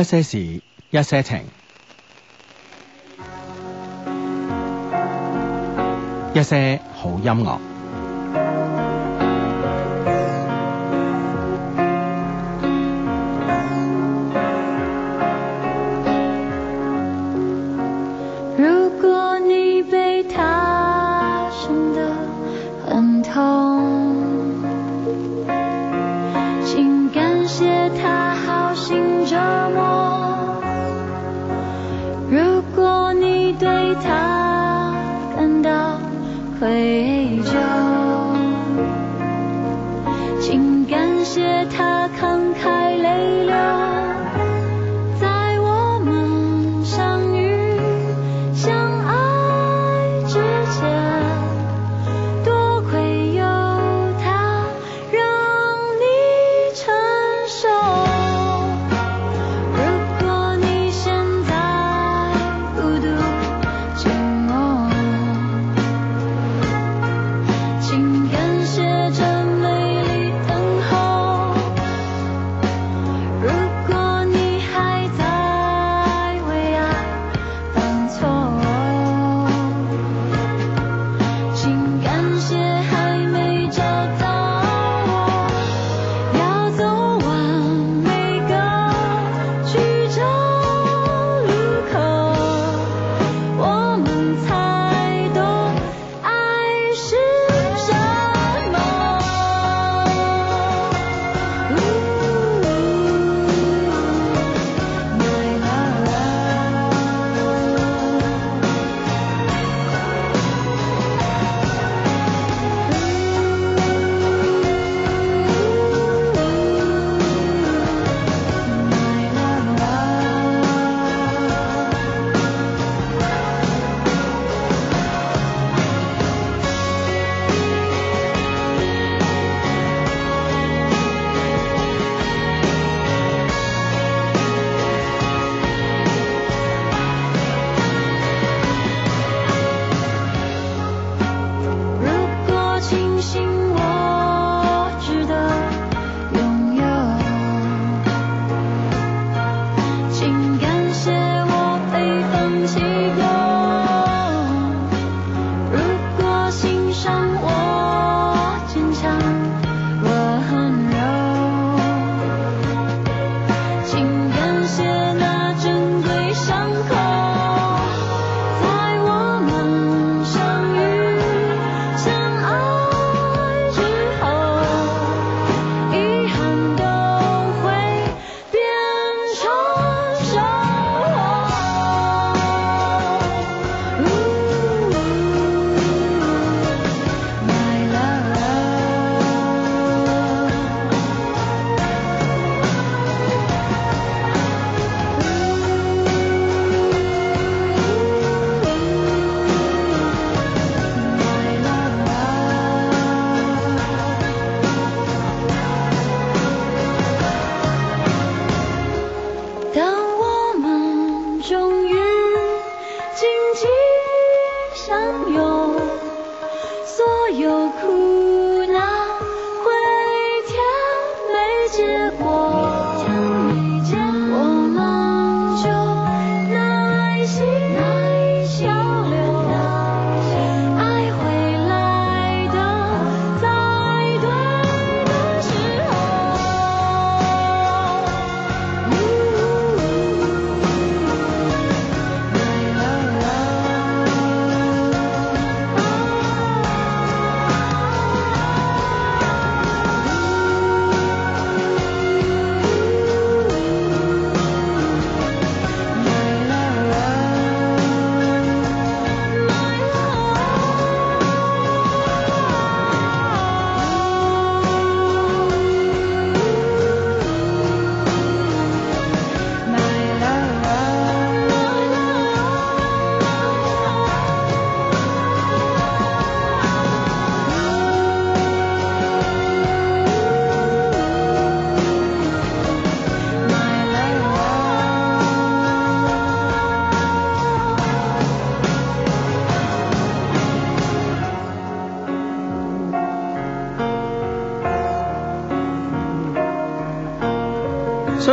一些事，一些情，一些好音樂。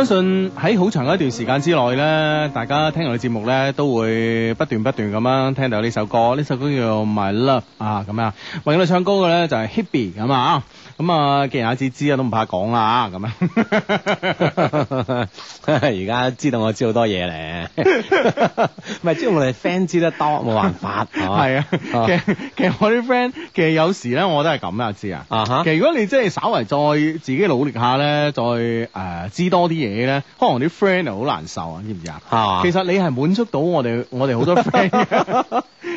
相信喺好長一段時間之內咧，大家聽我哋節目咧，都會不斷不斷咁樣聽到呢首歌，呢首歌叫 My Love 啊，咁啊，為我哋唱歌嘅咧就係 Hippie 咁啊。咁啊，既然阿子知啊，都唔怕講啦吓，咁啊，而家知道我知好多嘢咧，唔 係，知道我哋 friend 知得多，冇辦法係、 哦、啊，啊其。其實我啲 friend 其實有時咧，我都係咁啊，知啊。啊哈，如果你真係稍為再自己努力下咧，再誒、呃、知多啲嘢咧，可能啲 friend 又好難受啊，知唔知啊？其實你係滿足到我哋我哋好多 friend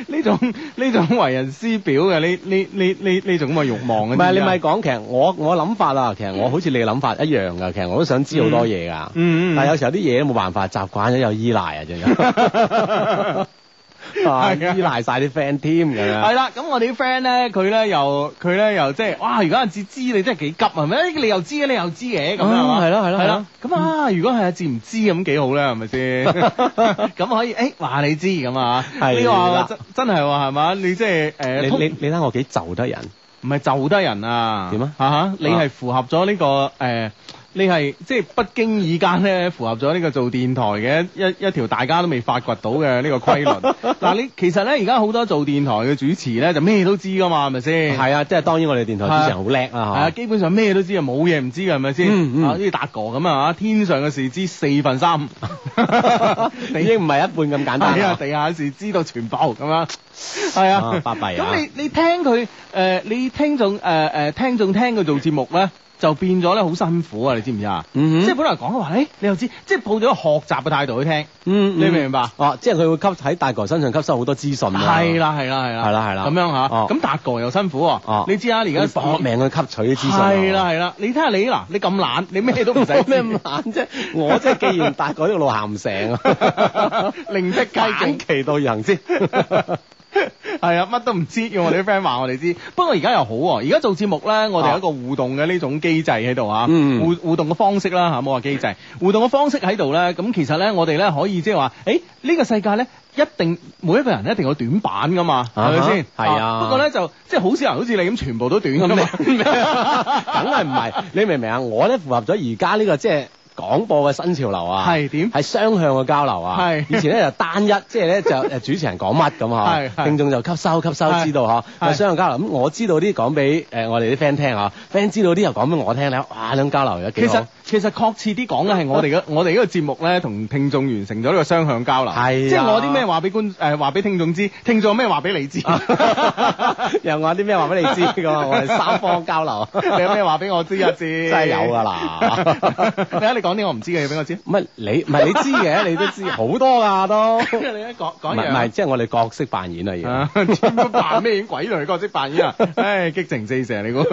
呢 種呢種為人師表嘅，你你你你呢種咁嘅欲望嘅，唔係，你咪講。其實我我諗法啊，其實我好似你嘅諗法一樣噶。其實我都想知好多嘢噶，但係有時候啲嘢都冇辦法，習慣咗有依賴啊，真係。依賴晒啲 friend 添噶。係啦，咁我哋啲 friend 咧，佢咧又佢咧又即係，哇！如果阿志知你真係幾急啊，係咪？你又知嘅，你又知嘅，咁啊嘛。係咯，係咯，係咯。咁啊，如果係阿志唔知咁幾好啦，係咪先？咁可以誒，話你知咁啊。你話真真係話係嘛？你即係誒，你你你睇我幾就得人。唔係就得人啊，點啊嗎？吓吓、uh，huh, 你係符合咗呢個誒。Uh huh. 呃你係即係不經意間咧符合咗呢個做電台嘅一一,一條大家都未發掘到嘅呢個規律。嗱， 你其實咧而家好多做電台嘅主持咧就咩都知噶嘛，係咪先？係 啊，即係當然我哋電台主持人好叻啊！係 啊，基本上咩都知啊，冇嘢唔知噶，係咪先？好似達哥咁啊，天上嘅事知四分三，已經唔係一半咁簡單。 啊、地下嘅事知道全部咁樣，係 啊，巴閉啊！咁你你聽佢誒，你聽眾誒誒聽眾聽佢做節目咧？就變咗咧，好辛苦啊！你知唔知啊？嗯哼，即係本來講嘅話，誒，你又知，即係抱咗學習嘅態度去聽，嗯，你明唔明白？哦，即係佢會吸喺大哥身上吸收好多資訊。係啦，係啦，係啦，係啦，咁樣吓，咁大哥又辛苦，你知啊？而家搏命去吸取啲資訊。係啦，係啦，你睇下你嗱，你咁懶，你咩都唔使。我咩咁懶啫？我即係既然大哥呢個路行唔成，另一計，先奇道而行先。係 啊，乜都唔知，要我哋啲 friend 話我哋知。 不過而家又好，啊，而家做節目咧，我哋有一個互動嘅呢種機制喺度吓，互互動嘅方式啦吓，冇話機制互動嘅方式喺度咧。咁其實咧，我哋咧可以即係話，誒、欸、呢、呢個世界咧一定每一個人一定有短板，噶嘛，係咪先？係啊，啊。不過咧就即係好少人好似你咁全部都短咁樣，梗係唔係。你明唔明啊？我咧符合咗而家呢個即係。就是廣播嘅新潮流啊，係點？係雙向嘅交流啊，係是。以前咧就單一， 即係咧就誒主持人講乜咁嗬，是聽眾就吸收吸收知道嗬，係雙是、啊、向交流。咁、嗯、我知道啲講俾誒我哋啲 friend 聽嗬，friend、啊、知道啲又講俾我聽咧，哇！咁交流又幾好。其實確切啲講嘅係我哋嘅、這個， 我哋呢個節目咧，同聽眾完成咗呢個雙向交流。係、啊，即係我啲咩話俾觀誒、呃、話俾聽眾知，聽眾有咩話俾你知， 又話啲咩話俾你知， 我哋三方交流。 你有咩話俾我知啊？知真係有㗎啦！點解你講啲我唔知嘅嘢俾我知？乜 你唔係你知嘅，你都知好多㗎都。即 係你一講講嘢。唔係， 即係、就是、我哋角色扮演啊！而家扮咩鬼樣角色扮演啊？唉、 啊 哎，激情四射你估？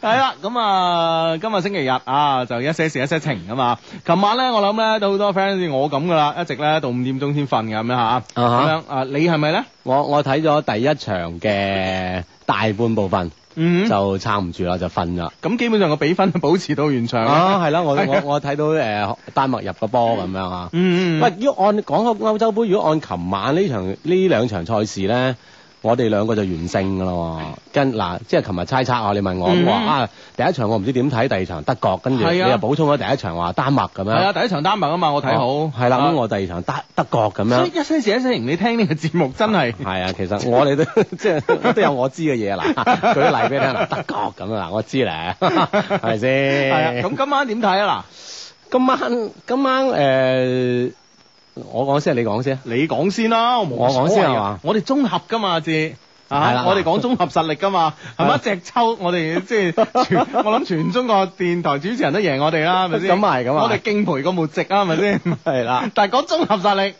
係啦，咁 啊，今日星期日啊，就一些事一些情啊嘛。琴晚咧，我諗咧都好多 friend 好似我咁噶啦，一直咧到五點鐘先瞓嘅咁樣啊。咁樣啊，你係咪咧？我我睇咗第一場嘅大半部分，嗯、mm hmm.，就撐唔住啦，就瞓啦。咁基本上個比分就保持到完場，uh huh. 啊，係啦，我 我我睇到誒丹麥入個波咁樣啊。嗯嗯、mm，喂、hmm.，要按講個歐洲杯，如果按琴晚兩場兩場呢場呢兩場賽事咧。我哋兩個就完勝噶咯，跟嗱，即係琴日猜測我，你問我咁話啊，第一場我唔知點睇，第二場德國跟住、啊、你又補充咗第一場話丹麥咁樣，係啊，第一場丹麥啊嘛，我睇好，係啦、啊，咁、啊啊啊、我第二場德德國咁樣，所以一些事一些情，你聽呢個節目真係係啊，啊，其實我哋都即係 都有我知嘅嘢啊，嗱，舉啲例俾你聽啦，德國咁樣，我知咧，係咪先？啊，咁、啊 啊、今晚點睇啊？嗱，今晚今晚誒。我講先，你講先，你講先啦！我講先係嘛？我哋綜合噶嘛，字啊，了我哋講綜合實力噶嘛，係咪 一直抽？我哋即係全， 我諗全中國電台主持人都贏我哋啦，係咪先？咁係，咁啊，我哋敬陪個末席啊，係咪先？係啦，但係講綜合實力。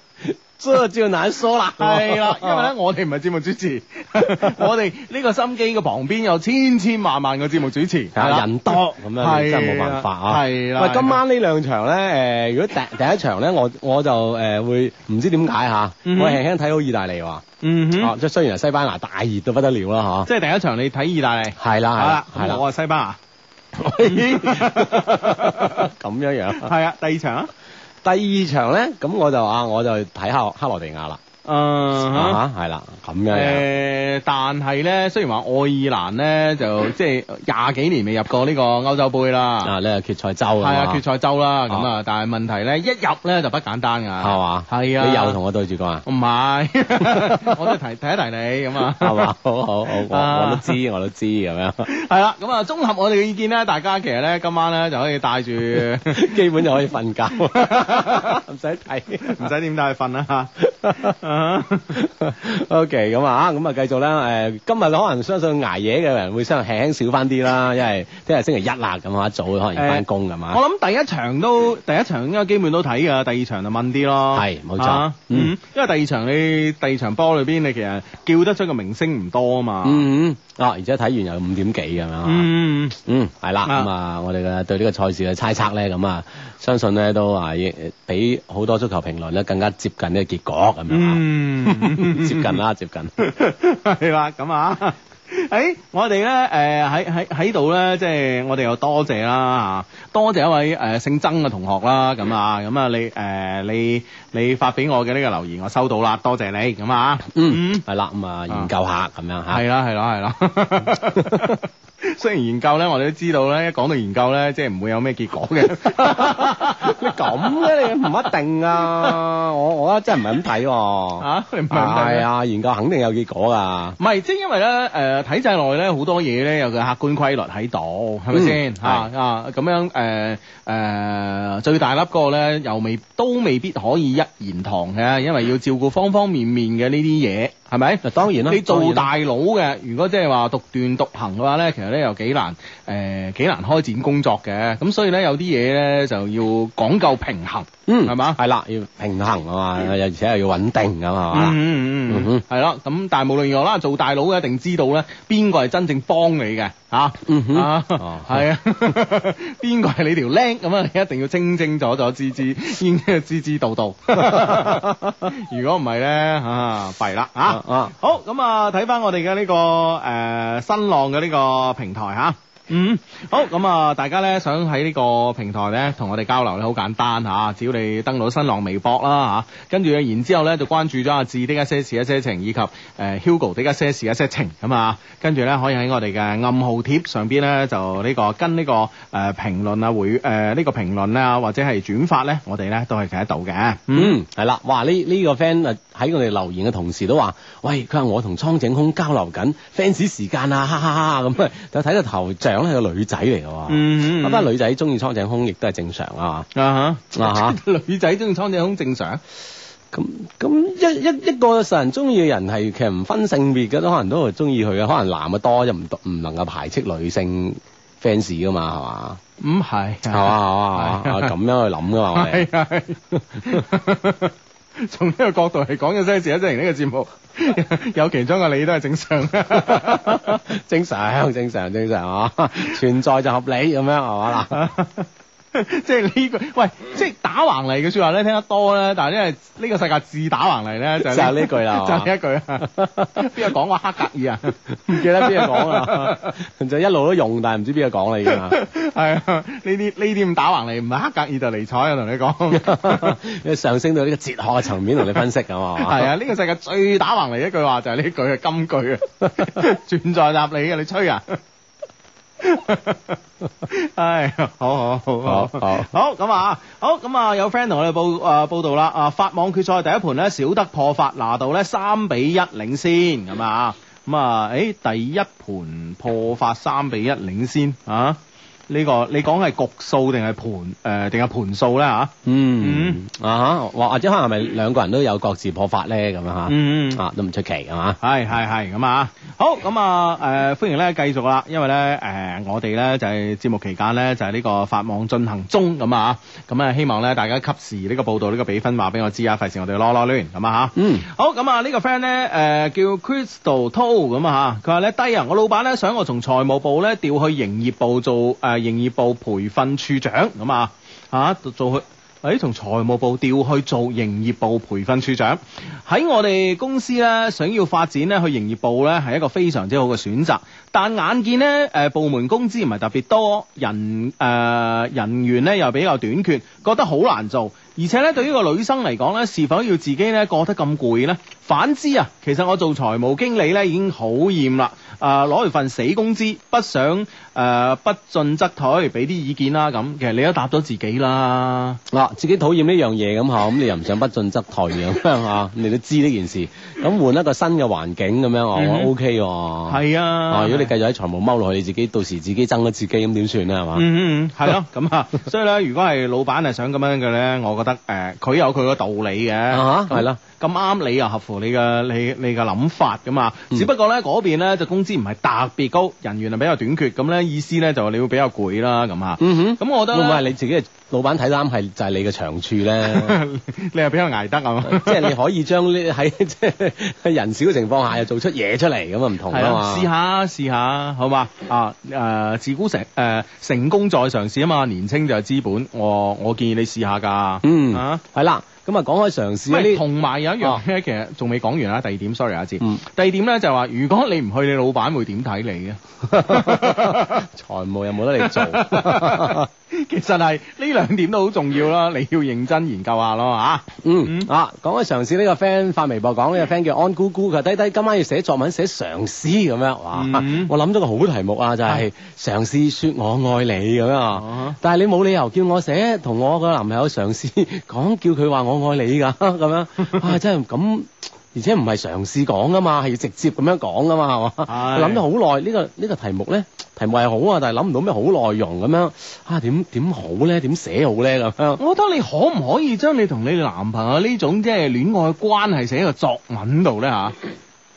所以照難梳啦，係啦，因為咧我哋唔係節目主持， 我哋呢個心機嘅旁邊有千千萬萬個節目主持，係啦，人多咁、 嗯、樣就真係冇辦法啊。喂， 今晚兩呢兩場咧，誒、呃，如果第第一場咧，我我就誒、呃、 會唔知點解吓，我輕輕睇好意大利喎，嗯哼，即係雖然西班牙大熱到不得了啦吓，即係第一場你睇意大利，係啦係啦係啦，我係西班牙，咁樣樣，係啊，第二場、啊。第二場咧，咁我就啊，我就睇下克羅地亞啦。嗯，嚇係啦咁樣誒，但係咧，雖然話愛爾蘭咧就即係廿幾年未入過呢個歐洲杯啦，啊，你係決賽周係啊決賽周啦，咁啊，但係問題咧一入咧就不簡單㗎，係嘛？係啊，你又同我對住講啊？唔係，我都提提一提你咁啊，係嘛？好好好，我我都知，我都知咁樣。係啦，咁啊，綜合我哋嘅意見咧，大家其實咧今晚咧就可以帶住基本就可以瞓覺，唔使睇，唔使點帶去瞓啦嚇。o k 咁啊，咁啊、 okay，繼續啦。誒，今日可能相信捱夜嘅人會相輕輕少翻啲啦，因為聽日星期一啦，咁啊，一早可能翻工，係嘛、欸？吧我諗第一場都，第一場應該基本都睇噶，第二場就問啲咯。係，冇錯，啊、嗯，因為第二場你第二場波裏邊你其實叫得出個明星唔多啊嘛。嗯啊，而且睇完又五點幾咁樣嗯嗯，係啦、嗯，咁、嗯、啊，嗯嗯、我哋嘅對個賽呢個賽事嘅猜測咧，咁啊，相信咧都係比好多足球評論咧更加接近呢個結果咁樣。嗯，接近啦，接近係啦，咁啊，誒，我哋咧，誒喺喺喺度咧，即係我哋又多謝啦，啊，多謝一位誒姓曾嘅同學啦，咁啊，咁啊，你誒，你你發俾我嘅呢個留言，我收到啦，多謝你，咁啊，嗯，係啦，咁啊，研究下，咁樣吓，係啦，係啦，係啦。雖然研究咧，我哋都知道咧，一講到研究咧，即係唔會有咩結果嘅。咁 咧， 你唔一定啊！我我覺得真唔係咁睇喎。嚇、啊，唔係。係啊、哎，研究肯定有結果噶。唔係，即係因為咧，誒、呃、體制內咧好多嘢咧有個客觀規律喺度，係咪先嚇啊？咁是、啊、樣誒。呃誒最大粒個咧，又未都未必可以一言堂嘅，因為要照顧方方面面嘅呢啲嘢，係咪？嗱當然啦，你做大佬嘅，如果即係話獨斷獨行嘅話咧，其實咧又幾難誒，幾難開展工作嘅。咁所以咧，有啲嘢咧就要講究平衡，嗯，係嘛？係啦，要平衡啊嘛，而且又要穩定㗎嘛。嗯嗯係咯。咁但係無論如何啦，做大佬嘅一定知道咧，邊個係真正幫你嘅嚇？嗯係啊，邊個係你條僆？咁啊、嗯，一定要清清楚楚知知先至知知道道。 如果唔係咧，啊弊啦啊！啊好，咁、嗯、啊，睇翻我哋嘅呢個誒、呃、新浪嘅呢個平台吓。啊嗯，好咁啊！大家咧想喺呢個平台咧同我哋交流咧，好簡單吓，只要你登錄新浪微博啦吓，跟住然之後咧就關注咗阿志的一些事一些情以及誒 Hugo 的一些事一些情咁啊。跟住咧可以喺我哋嘅暗號貼上邊咧就呢個跟呢個誒評論啊回誒呢個評論啊，這個，或者係轉發咧，我哋咧都係睇得到嘅。嗯，係啦，哇！呢、這、呢個 friend 啊喺我哋留言嘅同時都話喂，佢話我同蒼井空交流緊 fans 時間啊，哈哈哈咁啊！就睇到頭像，就是。講係個女仔嚟嘅，咁翻、嗯嗯、女仔中意蒼井空亦都係正常啊！吓吓，女仔中意蒼井空正常。咁咁一一一,一個常人中意嘅人係其實唔分性別嘅，都可能都中意佢嘅，可能男嘅多就唔唔能夠排斥女性 fans 噶嘛，係嘛？唔係、嗯，係嘛係嘛係嘛，咁樣去諗噶嘛？從呢個角度嚟講，咗真係自不自呢個節目有其中嘅你都係正常， 正常，正常，正常，正常，嗬！存在就合理咁樣，係嘛啦？啊 即係呢句，喂！即係打橫嚟嘅說話咧，聽得多啦。但係因為呢個世界自打橫嚟咧，就係呢句啦。 就呢一句，邊個講話黑格爾啊？唔記得邊個講啊？ 就一路都用，但係唔知邊個講你㗎。係 啊，呢啲呢啲咁打橫嚟，唔係黑格爾就尼采啊！同你講， 你上升到呢個哲學層面同你分析咁嘛。係 啊，呢、呢個世界最打橫嚟一句話就係呢句嘅金句啊， 全在乎你啊！你吹啊？ 唉，好好好好好，好咁 啊，好咁啊，有 friend 同我哋報啊、呃、報道啦啊，法網決賽第一盤咧，小德破發，拿度咧三比一領先，係啊咁啊，誒、啊欸，第一盤破發三比一領先啊。呢、這個你講係局數定係盤誒定係盤數咧嚇？嗯，嗯啊嚇或或者可能係咪兩個人都有各自破發咧咁、嗯、啊嚇？嗯啊都唔出奇係嘛？係係係咁啊好咁啊誒歡迎咧繼續啦，因為咧誒、呃、我哋咧就係、是、節目期間咧就係、是、呢個法網進行中咁啊咁啊希望咧大家及時呢個報導呢、這個比分話俾我知啊，費事我哋囉囉亂咁啊嚇！嗯好咁啊、這個、呢個 friend 咧誒叫 Crystal To 咁啊嚇，佢話咧低啊！我老闆咧想我從財務部咧調去營業部做誒。呃營業部培訓處長咁啊，吓做去，誒從財務部調去做營業部培訓處長，喺我哋公司咧，想要發展咧，去營業部咧，係一個非常之好嘅選擇。但眼見呢，誒部門工資唔係特別多，人誒、呃、人員呢又比較短缺，覺得好難做。而且呢，對於個女生嚟講呢，是否要自己呢過得咁攰呢？反之啊，其實我做財務經理呢，已經好厭啦，誒攞住份死工資，不想誒、呃、不進則退，俾啲意見啦咁。其實你都答咗自己啦。嗱、啊，自己討厭呢樣嘢咁吓，咁你又唔想不進則退咁樣吓，你都知呢件事，咁、啊、換、啊、一個新嘅環境咁、嗯、哼樣，我我 OK。係啊，okay, 啊，如果你繼續喺財務踎落去，你自己到時自己爭咗自己咁點算咧？係嘛？嗯嗯嗯，係咯，咁啊、 嗯，所以咧，如果係老闆係想咁樣嘅咧，我覺得誒，佢、呃、有佢個道理嘅，係啦，咁啱你又合乎你嘅你你嘅諗法㗎嘛。只不過咧嗰邊咧就工資唔係特別高，人員係比較短缺，咁咧意思咧就話你會比較攰啦，咁啊。嗯哼，咁我覺得。會唔會係你自己嘅。老闆，睇啱係就係，是，你嘅長處咧， 你又比較捱得啊？ 即係你可以將呢喺即係人少嘅情況下又做出嘢出嚟咁 啊，唔同啊嘛！試下試下，好嘛？啊誒，呃，自古成誒，呃、成功再嘗試啊嘛，年青就係資本，我我建議你試下㗎。啊、嗯，係啦。咁啊，講開嘗試，同埋有一樣咧，其實仲未講完啦。第二點，sorry 啊，志。第二點咧就係話，如果你唔去，你老闆會點睇你啊？財務又冇得你做。其實係呢兩點都好重要啦，你要認真研究下咯嚇。嗯啊，講開嘗試，呢個 friend 發微博講呢個 friend 叫安姑姑，佢弟弟今晚要寫作文寫嘗試咁樣，哇！我諗咗個好題目啊，就係嘗試說我愛你咁樣啊。但係你冇理由叫我寫，同我個男朋友嘗試講，叫佢話我。愛你噶咁樣啊！真係咁，而且唔係嘗試講噶嘛，係要直接咁樣講噶嘛，係嘛的？諗咗好耐呢個呢、呢個題目咧，題目係好，好啊，但係諗唔到咩好內容咁樣啊？點點好咧？點寫好咧？咁樣，我覺得你可唔可以將你同你男朋友呢種即係戀愛關係寫喺個作文度咧？吓、啊、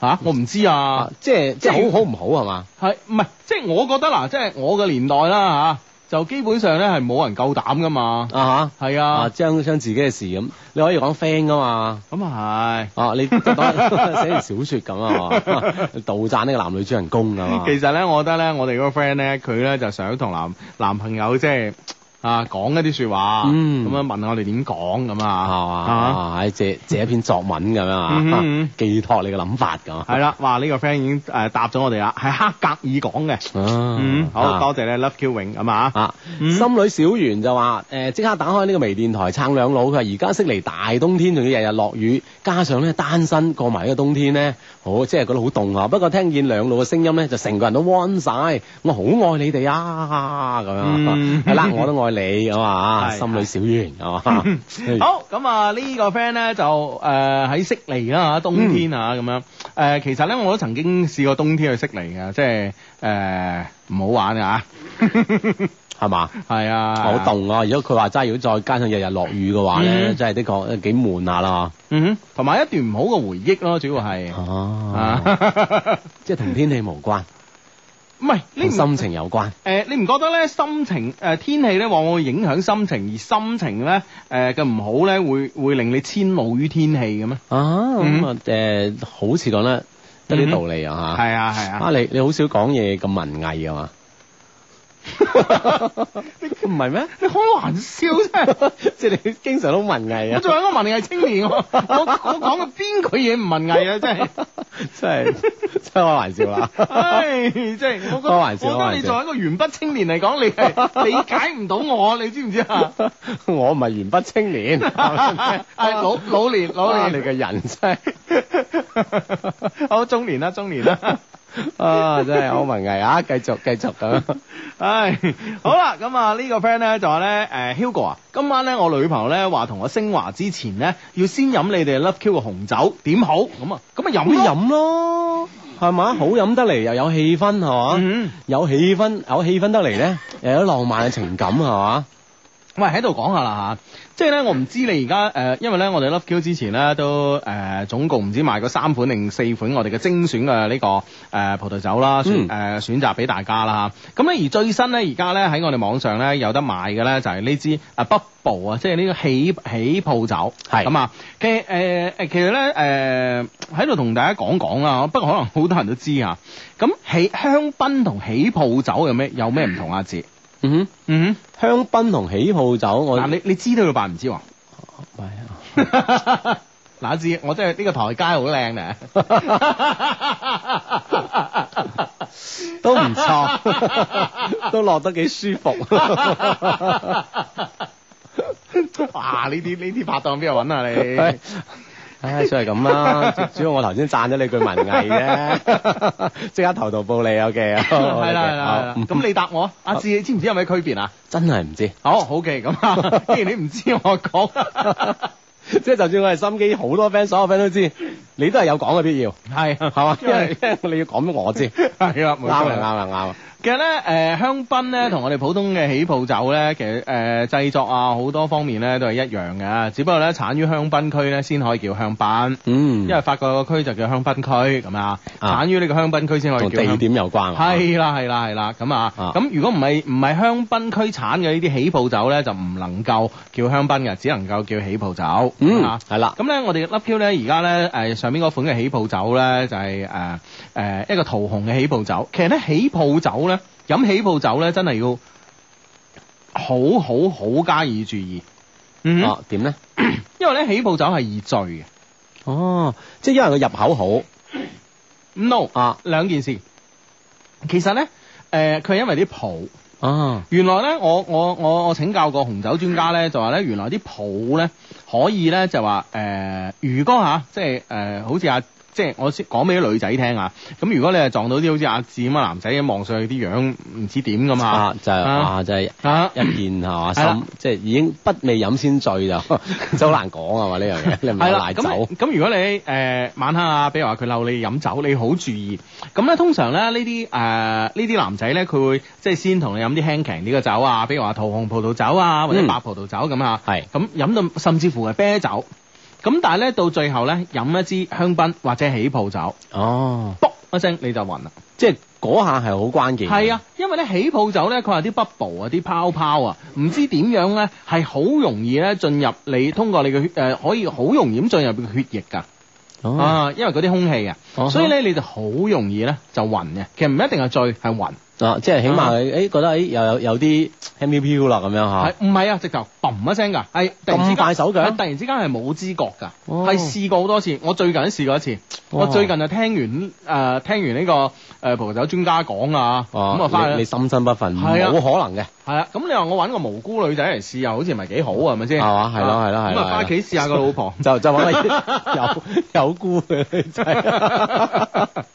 吓，我唔知啊，啊，即係即係是是好好唔好係嘛？係唔係？即係我覺得嗱，即係我嘅年代啦吓。啊就基本上咧係冇人夠膽噶嘛，啊嚇哈，係的啊，將將自己嘅事咁，你可以講 friend 噶嘛，咁啊係，啊你寫完小説咁啊，嘛，道讚呢個男女主人公咁啊，其實咧，我覺得咧，我哋嗰個 friend 咧，佢咧就想同男男朋友即係。啊，講一啲説話咁樣問下我哋點講咁啊，啊，寫、啊、寫一篇作文咁啊， 寄託你嘅諗法咁。係、啊、啦，哇、 啊！呢個 friend 已經誒答咗我哋啦，係黑格爾講嘅，好多謝你 Love Qing 咁啊。心裏小圓就話誒，即、呃、刻打開呢個微電台撐兩佬。」佢話而家悉尼大冬天仲要日日落雨，加上咧單身過埋呢個冬天咧。好，即係覺得好凍啊！不過聽見兩路嘅聲音咧，就成個人都 warm 晒。我好愛你哋啊，咁樣係啦，我都愛你啊嘛，是心裏小圓啊嘛。好是，咁啊呢個 friend 咧就誒喺悉尼啊，冬天啊咁樣。誒、嗯嗯，其實咧我都曾經試過冬天去悉尼，呃、啊，即係誒唔好玩啊，係嘛？係啊，好凍啊！如果佢話齋，如果再加上日日落雨嘅話咧，嗯嗯，真係的確幾悶下啦。嗯哼，同埋一段唔好嘅回憶咯，主要係，啊，啊即係同天氣無關，唔係 是，心情有關。誒不、呃，你唔覺得咧心情誒、呃、天氣咧往往會影響心情，而心情咧誒嘅唔好咧會會令你遷怒於天氣嘅咩？啊，咁啊，誒，好似講得一啲道理啊吓，係啊係啊，啊，啊你你好少講嘢咁文藝啊嘛？ 你唔係咩？你開玩笑啫！ 即係你經常都文藝啊！我仲係一個文藝青年、啊 我，我我講嘅邊句嘢唔文藝啊！真係 真係真，玩、啊 哎、真開玩笑啦！唉跟，即係我覺我當你作為一個鉛筆青年嚟講，你係理解唔到我，你知唔知啊？ 我唔係鉛筆青年，係 老老年老年，你嘅人生好中年啦，中年啦。 啊！真係好文藝啊！繼續繼續咁，唉、 哎，好啦，咁啊呢個 friend 咧就話咧，誒、呃、，Hugo 啊，今晚咧我女朋友咧話同我升華之前咧，要先飲你哋 Love Q 嘅紅酒，點好？咁啊，咁啊飲一飲咯，係嘛？ 好飲得嚟又有氣氛，係嘛？嗯、mm，hmm. 有氣氛，有氣氛得嚟咧，又有浪漫嘅情感，係嘛？喂，喺度講下啦吓，即係咧，我唔知你而家誒，因為咧，我哋 Love Q 之前咧都誒、呃，總共唔知賣過三款定四款我哋嘅精選嘅呢、這個誒、呃、葡萄酒啦，誒選擇俾、嗯呃、大家啦吓。咁咧而最新咧，而家咧喺我哋網上咧有得賣嘅咧就係呢支啊 Bubble 啊，即係呢個起起泡酒。係咁啊，嘅誒誒，其實咧誒喺度同大家講講啊，不過可能好多人都知啊，咁起香檳同起泡酒有咩有咩唔同啊？字、嗯。嗯嗯，mm hmm. 香檳同起泡酒，啊、我你你知道佢辦唔知喎，嗱阿志，我真係呢、呢個台階好靚啊， 都唔不錯， 都落得幾舒服， 啊，呢啲呢啲拍檔邊度搵啊你？唉，算係咁啦，啊、 主要我頭先讚咗你句文藝嘅，即 刻投桃報李有啊，係啦，係啦，咁你答我，阿志你知唔知有咩區別啊？真係唔知。好，好嘅，咁既然你唔知我，我講。即係就算我係心機，好多 friend，所有 friend 都知，你都係有講嘅必要，係係嘛？因為你要講俾我知，係啊，啱啊，啱啊，啱啊。其實咧，誒香檳咧，同我哋普通嘅起泡酒咧，其實誒製作啊好多方面咧都係一樣嘅，只不過咧產於香檳區咧先可以叫香檳，嗯，因為法國個區就叫香檳區咁啊，產於呢個香檳區先可以叫香檳。同地點有關。係啦，係啦，係啦。咁啊，咁如果唔係唔係香檳區產嘅呢啲起泡酒咧，就唔能夠叫香檳嘅，只能夠叫起泡酒。嗯，係啦，咁咧，我哋 Love Q 咧，而家咧，誒，上邊嗰款嘅起泡酒咧，就係誒，誒，一個桃紅嘅起泡酒。其實咧，起泡酒咧，飲起泡酒咧，真係要好好好加以注意。嗯，點咧？因為咧，起泡酒係易醉嘅。哦，啊，即係因為佢入口好。No 啊，兩件事。其實咧，誒，佢係因為啲泡。啊，原來咧，我我我我，我，我請教過紅酒專家咧，就話咧，原來啲泡咧。可以咧就話誒，如果吓，即係誒、呃，好似阿。即係我先講俾啲女仔聽啊！咁如果你係撞到啲好似阿志咁嘅男仔，望上去啲樣唔知點㗎嘛，就係哇，真係一片嚇哇心， 即係已經不未飲先醉 就，真好難講啊嘛呢樣嘢，你唔係賴酒啦，咁如果你誒、呃、晚黑啊，比如話佢嬲你飲酒，你好注意。咁咧通常咧呢啲誒、呃、呢啲男仔咧佢會即係先同你飲啲輕輕啲嘅酒啊，比如話桃紅葡萄酒啊或者白葡萄酒咁啊。係、嗯。咁飲到甚至乎係啤酒。咁但係咧，到最後咧，飲一支香檳或者起泡酒，哦、oh.，卜一聲你就暈啦，即係嗰下係好關鍵。係啊，因為咧起泡酒咧，佢話啲 bubble 啊，啲泡泡啊，唔知點樣咧，係好容易咧進入你通過你嘅血誒、呃，可以好容易咁進入你嘅血液噶，oh. 啊，因為嗰啲空氣啊，oh. 所以咧你就好容易咧就暈嘅，其實唔一定係醉，係暈。嗱，即係起碼，誒覺得誒又有有啲輕飄飄啦，咁樣嚇。係，唔係啊，直頭嘣一聲㗎，係突然之間。手腳，突然之間係冇知覺㗎，係試過好多次。我最近試過一次，我最近就聽完誒聽完呢個誒葡萄酒專家講啊，咁啊翻嚟你心生不忿。冇可能嘅。係啊，咁你話我揾個無辜女仔嚟試，又好似唔係幾好啊，係咪先？係嘛，係啦，係啦，係。翻屋企試下個老婆，就就揾個有有辜嘅女仔。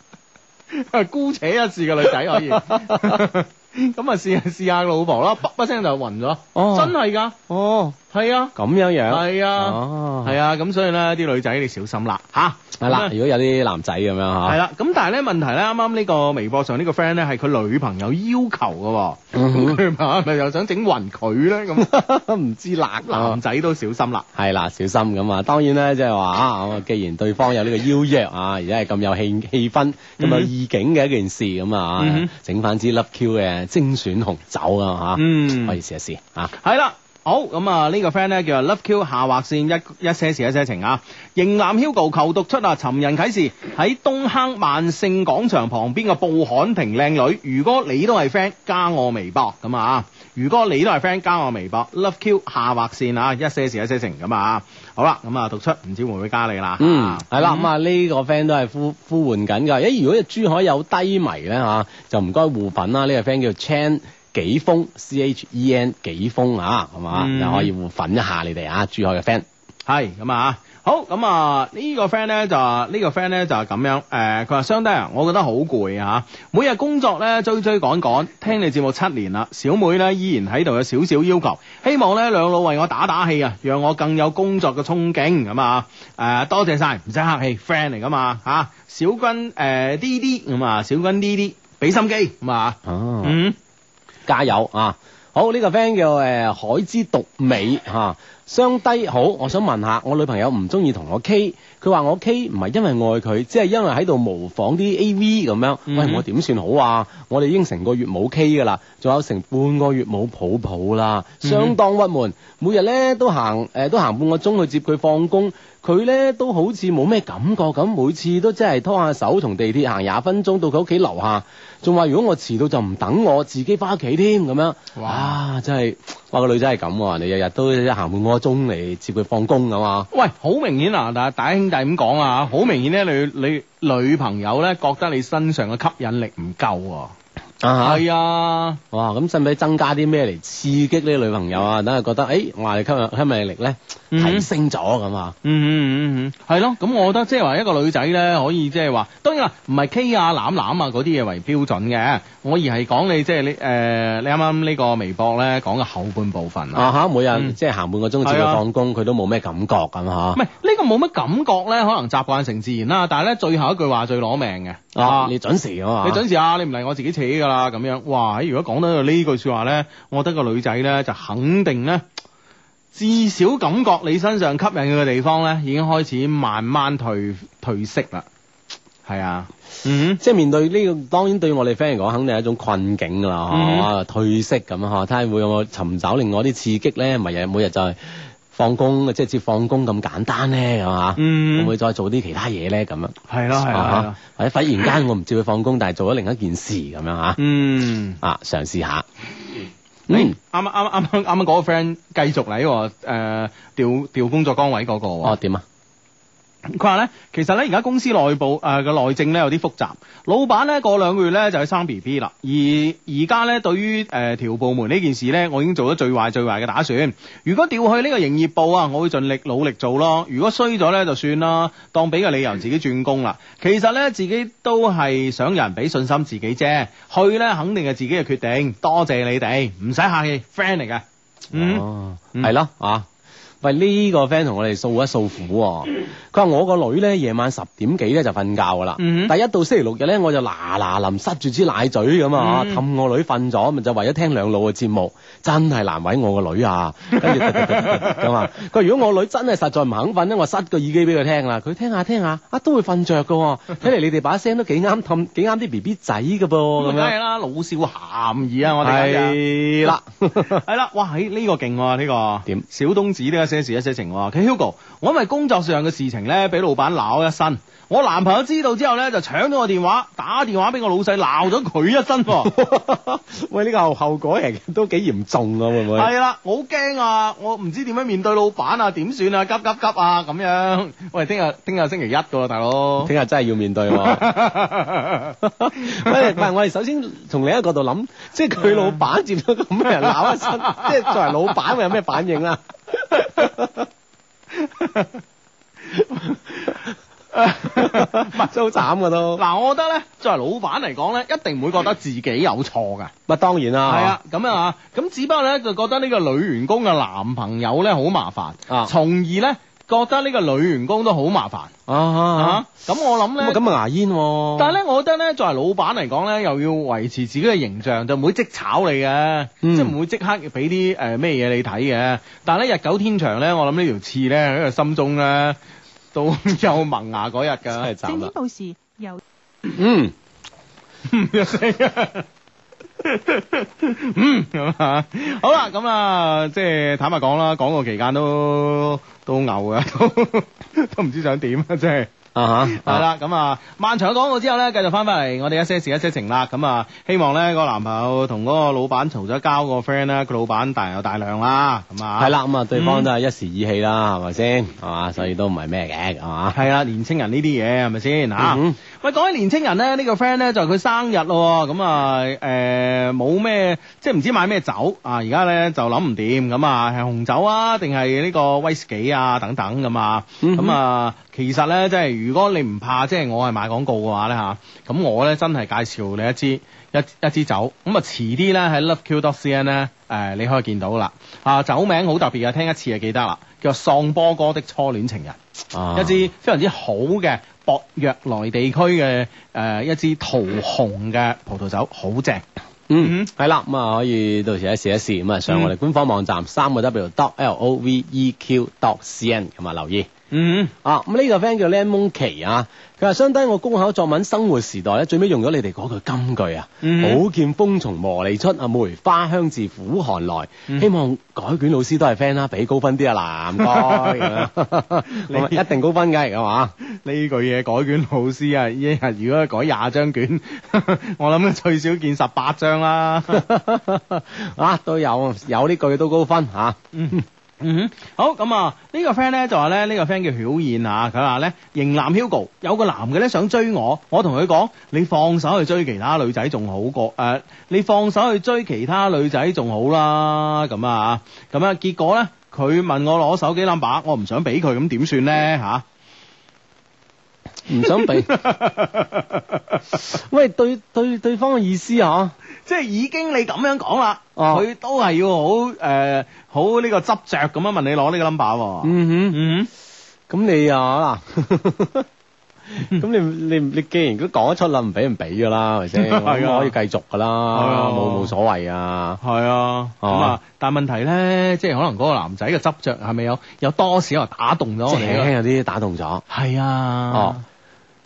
係姑且一試嘅女仔可以，咁啊試下試下老婆啦。啪啪聲就暈咗，啊、真係噶哦。啊係啊，咁樣樣係啊，係啊，咁所以咧，啲女仔你小心啦，吓係啦。如果有啲男仔咁樣吓，係啦。咁但係咧，問題咧，啱啱呢個微博上呢個 friend 咧，係佢女朋友要求噶，係咪又想整暈佢咧？咁唔知啦，男仔都小心啦。係啦，小心咁啊。當然咧，即係話啊，既然對方有呢個邀約啊，而家係咁有氣氣氛咁有意境嘅一件事咁啊，整翻支 Love Q 嘅精選紅酒啊吓，嗯，可以試一試啊。係啦。好咁啊，呢、oh, 個 friend 咧叫 Love Q 下劃線一一些事一些情啊，迎南 Hugo 求讀出啊，尋人啟事，喺東坑萬盛廣場旁邊嘅報刊亭靚女，如果你都係 friend，加我微博咁啊如果你都係 friend，加我微博 Love Q 下劃線啊，一些事一些情咁啊好啦，咁啊讀出唔知會唔會加你啦，嗯，係啦、嗯，咁啊呢個 friend 都係呼呼喚緊噶，誒，如果珠海有低迷咧吓、啊，就唔該互粉啦，呢、這個 friend 叫 Chan。幾風 C H E N 幾風啊，咁啊，又、嗯、可以互粉一下你哋啊，珠海嘅 friend 係咁啊，好咁啊呢個 friend 咧就呢個 friend 咧就係咁樣，誒，佢話相弟啊，我覺得好攰啊，每日工作咧追追趕趕，聽你節目七年啦，小妹咧依然喺度有少少要求，希望咧兩老為我打打氣啊，讓我更有工作嘅憧憬咁啊誒，多謝晒，唔使客氣，friend 嚟噶嘛吓小軍誒啲啲咁啊，小軍啲啲俾心機咁啊，嗯、呃。叮叮叮 加油啊！好呢、這個 friend 叫誒海之獨美吓，雙、啊、低好。我想問下，我女朋友唔中意同我 K。佢話我 K 唔係因為愛佢，只係因為喺度模仿啲 A.V. 咁樣，mm hmm. 喂，我點算好啊？我哋已經成個月冇 K 㗎啦，仲有成半個月冇抱抱啦，相當鬱悶，每日咧都行誒、呃、都行半個鐘去接佢放工。佢咧都好似冇咩感覺咁，每次都即係拖下手同地鐵行廿分鐘到佢屋企樓下，仲話如果我遲到就唔等我自己翻屋企添咁樣，哇！真係哇個女仔係咁，你日日都行半個鐘嚟接佢放工㗎嘛？喂，好明顯啊，大大兄。咁講啊，好明顯咧，你你女朋友咧覺得你身上嘅吸引力唔夠啊。係啊，哇！咁使唔使增加啲咩嚟刺激啲女朋友啊？等下覺得誒，我話你吸吸引力咧，提升咗咁啊！嗯嗯嗯，係咯。咁我覺得即係話一個女仔咧，可以即係話，當然啦，唔係 K 啊、攬攬啊啲嘢為標準嘅，我而係講你即係你誒，你啱啱呢個微博咧講嘅後半部分啊吓，每日即係行半個鐘自己放工，佢都冇咩感覺咁吓。唔係呢個冇乜感覺咧，可能習慣成自然啦。但係咧最後一句話最攞命嘅，你準時啊嘛，你準時啊，你唔嚟我自己扯㗎啦。啊，咁樣哇！如果講到呢句說話咧，我覺得個女仔咧就肯定咧，至少感覺你身上吸引佢嘅地方咧，已經開始慢慢退退色啦。係啊，嗯、mm，hmm. 即係面對呢、這個，當然對我哋 friend 嚟講，肯定係一種困境噶啦，嗬、mm，hmm. 退色咁啊，睇下會唔會有冇尋找另外啲刺激咧？咪係日每日就係、是。放工即係只放工咁簡單咧，係嘛、嗯？會唔會再做啲其他嘢咧？咁樣係咯，係啊！或者忽然間我唔只會放工， 但係做咗另一件事咁樣嚇。啊、嗯，啊，嘗試下。啱啱啱啱啱啱嗰個 friend 繼續嚟喎，誒、呃、調、調工作崗位嗰、嗰個。哦，點啊？佢話咧，其實咧，而家公司內部誒嘅內政咧有啲複雜，老闆咧過兩個月咧就去生 B B 啦，而而家咧對於誒調部門呢件事咧，我已經做咗最壞最壞嘅打算。如果調去呢個營業部啊，我會盡力努力做咯。如果衰咗咧就算啦，當俾個理由自己轉工啦。嗯、其實咧自己都係想有人俾信心自己啫。去咧肯定係自己嘅決定。多謝你哋，唔使客氣，friend 嚟嘅。嗯，係咯啊。喂，呢、這個 friend 同我哋訴一訴苦喎、哦。佢話我個女咧夜晚十點幾咧就瞓覺噶啦。第、嗯、哼一到星期六日咧，我就嗱嗱臨塞住支奶嘴咁啊，氹、嗯、我女瞓咗，咪就為咗聽兩老嘅節目。真係難為我個女啊！跟住咁啊，佢話如果我女真係實在唔肯瞓咧，我塞個耳機俾佢聽啦。佢聽下聽下，啊都會瞓著嘅。睇嚟你哋把聲都幾啱氹，幾啱啲 B B 仔㗎噃。咁梗係啦，老少咸宜啊！我哋係啦，係啦。哇，喺、這、呢個勁喎、啊，呢、這個點 小冬子呢個一些事一些情喎，其實 Hugo，我因為工作上嘅事情咧，俾老闆鬧一身。我男朋友知道之後咧，就搶咗我電話，打電話俾我老細，鬧咗佢一身、啊。 喂，呢、這個後果其實都幾嚴重噶，會唔會？係啦， 我好驚啊！我唔知點樣面對老板啊，點算啊？急急急啊！咁樣 喂、啊 喂，喂，聽日聽日星期一噶啦，大佬，聽日真係要面對。喂，唔係我哋首先從另一個角度諗，即係佢老闆接到咁嘅人鬧一身， 即係作為老闆會 有咩反應啊？ 真係好慘噶都。嗱、啊，我覺得咧，作為老闆嚟講咧，一定唔會覺得自己有錯噶。咪當然啦，係啊，咁啊，咁、嗯、只不過咧，就覺得呢個女員工嘅男朋友咧好麻煩，從、啊、而咧覺得呢個女員工都好麻煩。啊，哈哈啊，咁我諗咧，咁、啊、牙煙、啊。但係咧，我覺得咧，作為老闆嚟講咧，又要維持自己嘅形象，就唔會即炒你嘅，即係唔會即刻俾啲誒咩嘢你睇嘅。但係咧，日久天長咧，我諗呢條刺咧喺個心中咧。都有 萌芽嗰日噶，正面到時又嗯，一聲，嗯咁啊，好啦，咁啊，即係坦白講啦，廣告期間都都嘔啊，都都唔知想點啊，即係。啊哈，係啦、uh，咁、huh. uh huh. 啊，漫長嘅廣告之後咧，繼續翻返嚟，我哋一些事一些情啦，咁啊，希望咧、嗰個男朋友同嗰個老闆嘈咗交個 friend 啦，佢老闆大人有大量啦，咁啊，係啦，咁啊，對方真係一時意氣啦，係咪先？啊，所以都唔係咩嘅，係嘛？係啦， 年青人呢啲嘢係咪先？啊。嗯講各位年青人咧，這個、呢個 friend 咧就佢、是、生日咯，咁、嗯呃、啊，誒，冇咩，即係唔知買咩酒啊，而家咧就諗唔掂，咁啊，係紅酒啊，定係呢個威士忌啊，等等咁啊，咁啊、嗯哼，其實咧，即係如果你唔怕，即、就、係、是、我係買廣告嘅話咧吓，咁、啊、我咧真係介紹你一支一一支酒，咁啊，遲啲咧喺 LoveQ.cn 咧，誒、啊，你可以見到啦，啊，酒名好特別啊，聽一次就記得啦，叫做《桑波哥的初戀情人》，啊、一支非常之好嘅。博若萊地區嘅誒、呃、一支桃紅嘅葡萄酒，好正。嗯嗯，係啦，咁啊可以到時試一試一試。咁啊上我哋官方網站三個、嗯、W dot L O V E Q dot C N，咁啊留意。嗯啊，咁、這、呢個 friend 叫 Lemon 奇啊，佢話相當我公考作文生活時代咧，最屘用咗你哋嗰句金句啊，寶劍鋒從磨礪出啊，梅花香自苦寒來。嗯、哼希望改卷老師都係 friend 啦，俾高分啲啊，嗱唔該，一定高分嘅係嘛？呢句嘢改卷老師啊，一日如果改廿張卷， 我諗最少見十八張啦， 啊都有有呢句都高分吓。啊嗯嗯哼，好咁啊！這個、呢個 friend 咧就話咧，呢個 friend 叫曉燕啊。佢話咧，型男 Hugo 有個男嘅，咧想追我，我同佢講，你放手去追其他女仔仲好過誒、呃，你放手去追其他女仔仲好啦。咁啊吓，咁啊結果咧，佢問我攞手機冧把，我唔、啊、 想俾佢，咁點算咧吓？唔想俾？喂，對對，對，對方嘅意思啊？即係已經你咁樣講啦，佢、啊、都係要好誒好呢個執着咁樣問你攞呢個 number 喎、嗯。嗯哼，嗯咁你啊嗱，咁 你你你既然都講得出啦，唔俾唔俾噶啦，係咪先？係噶，可以繼續噶啦，冇冇、啊哦、所謂啊。係啊，咁啊，嗯、但係問題咧，即係可能嗰個男仔嘅執着係咪有有多少啊打動咗？輕輕有啲打動咗。係啊。啊啊哦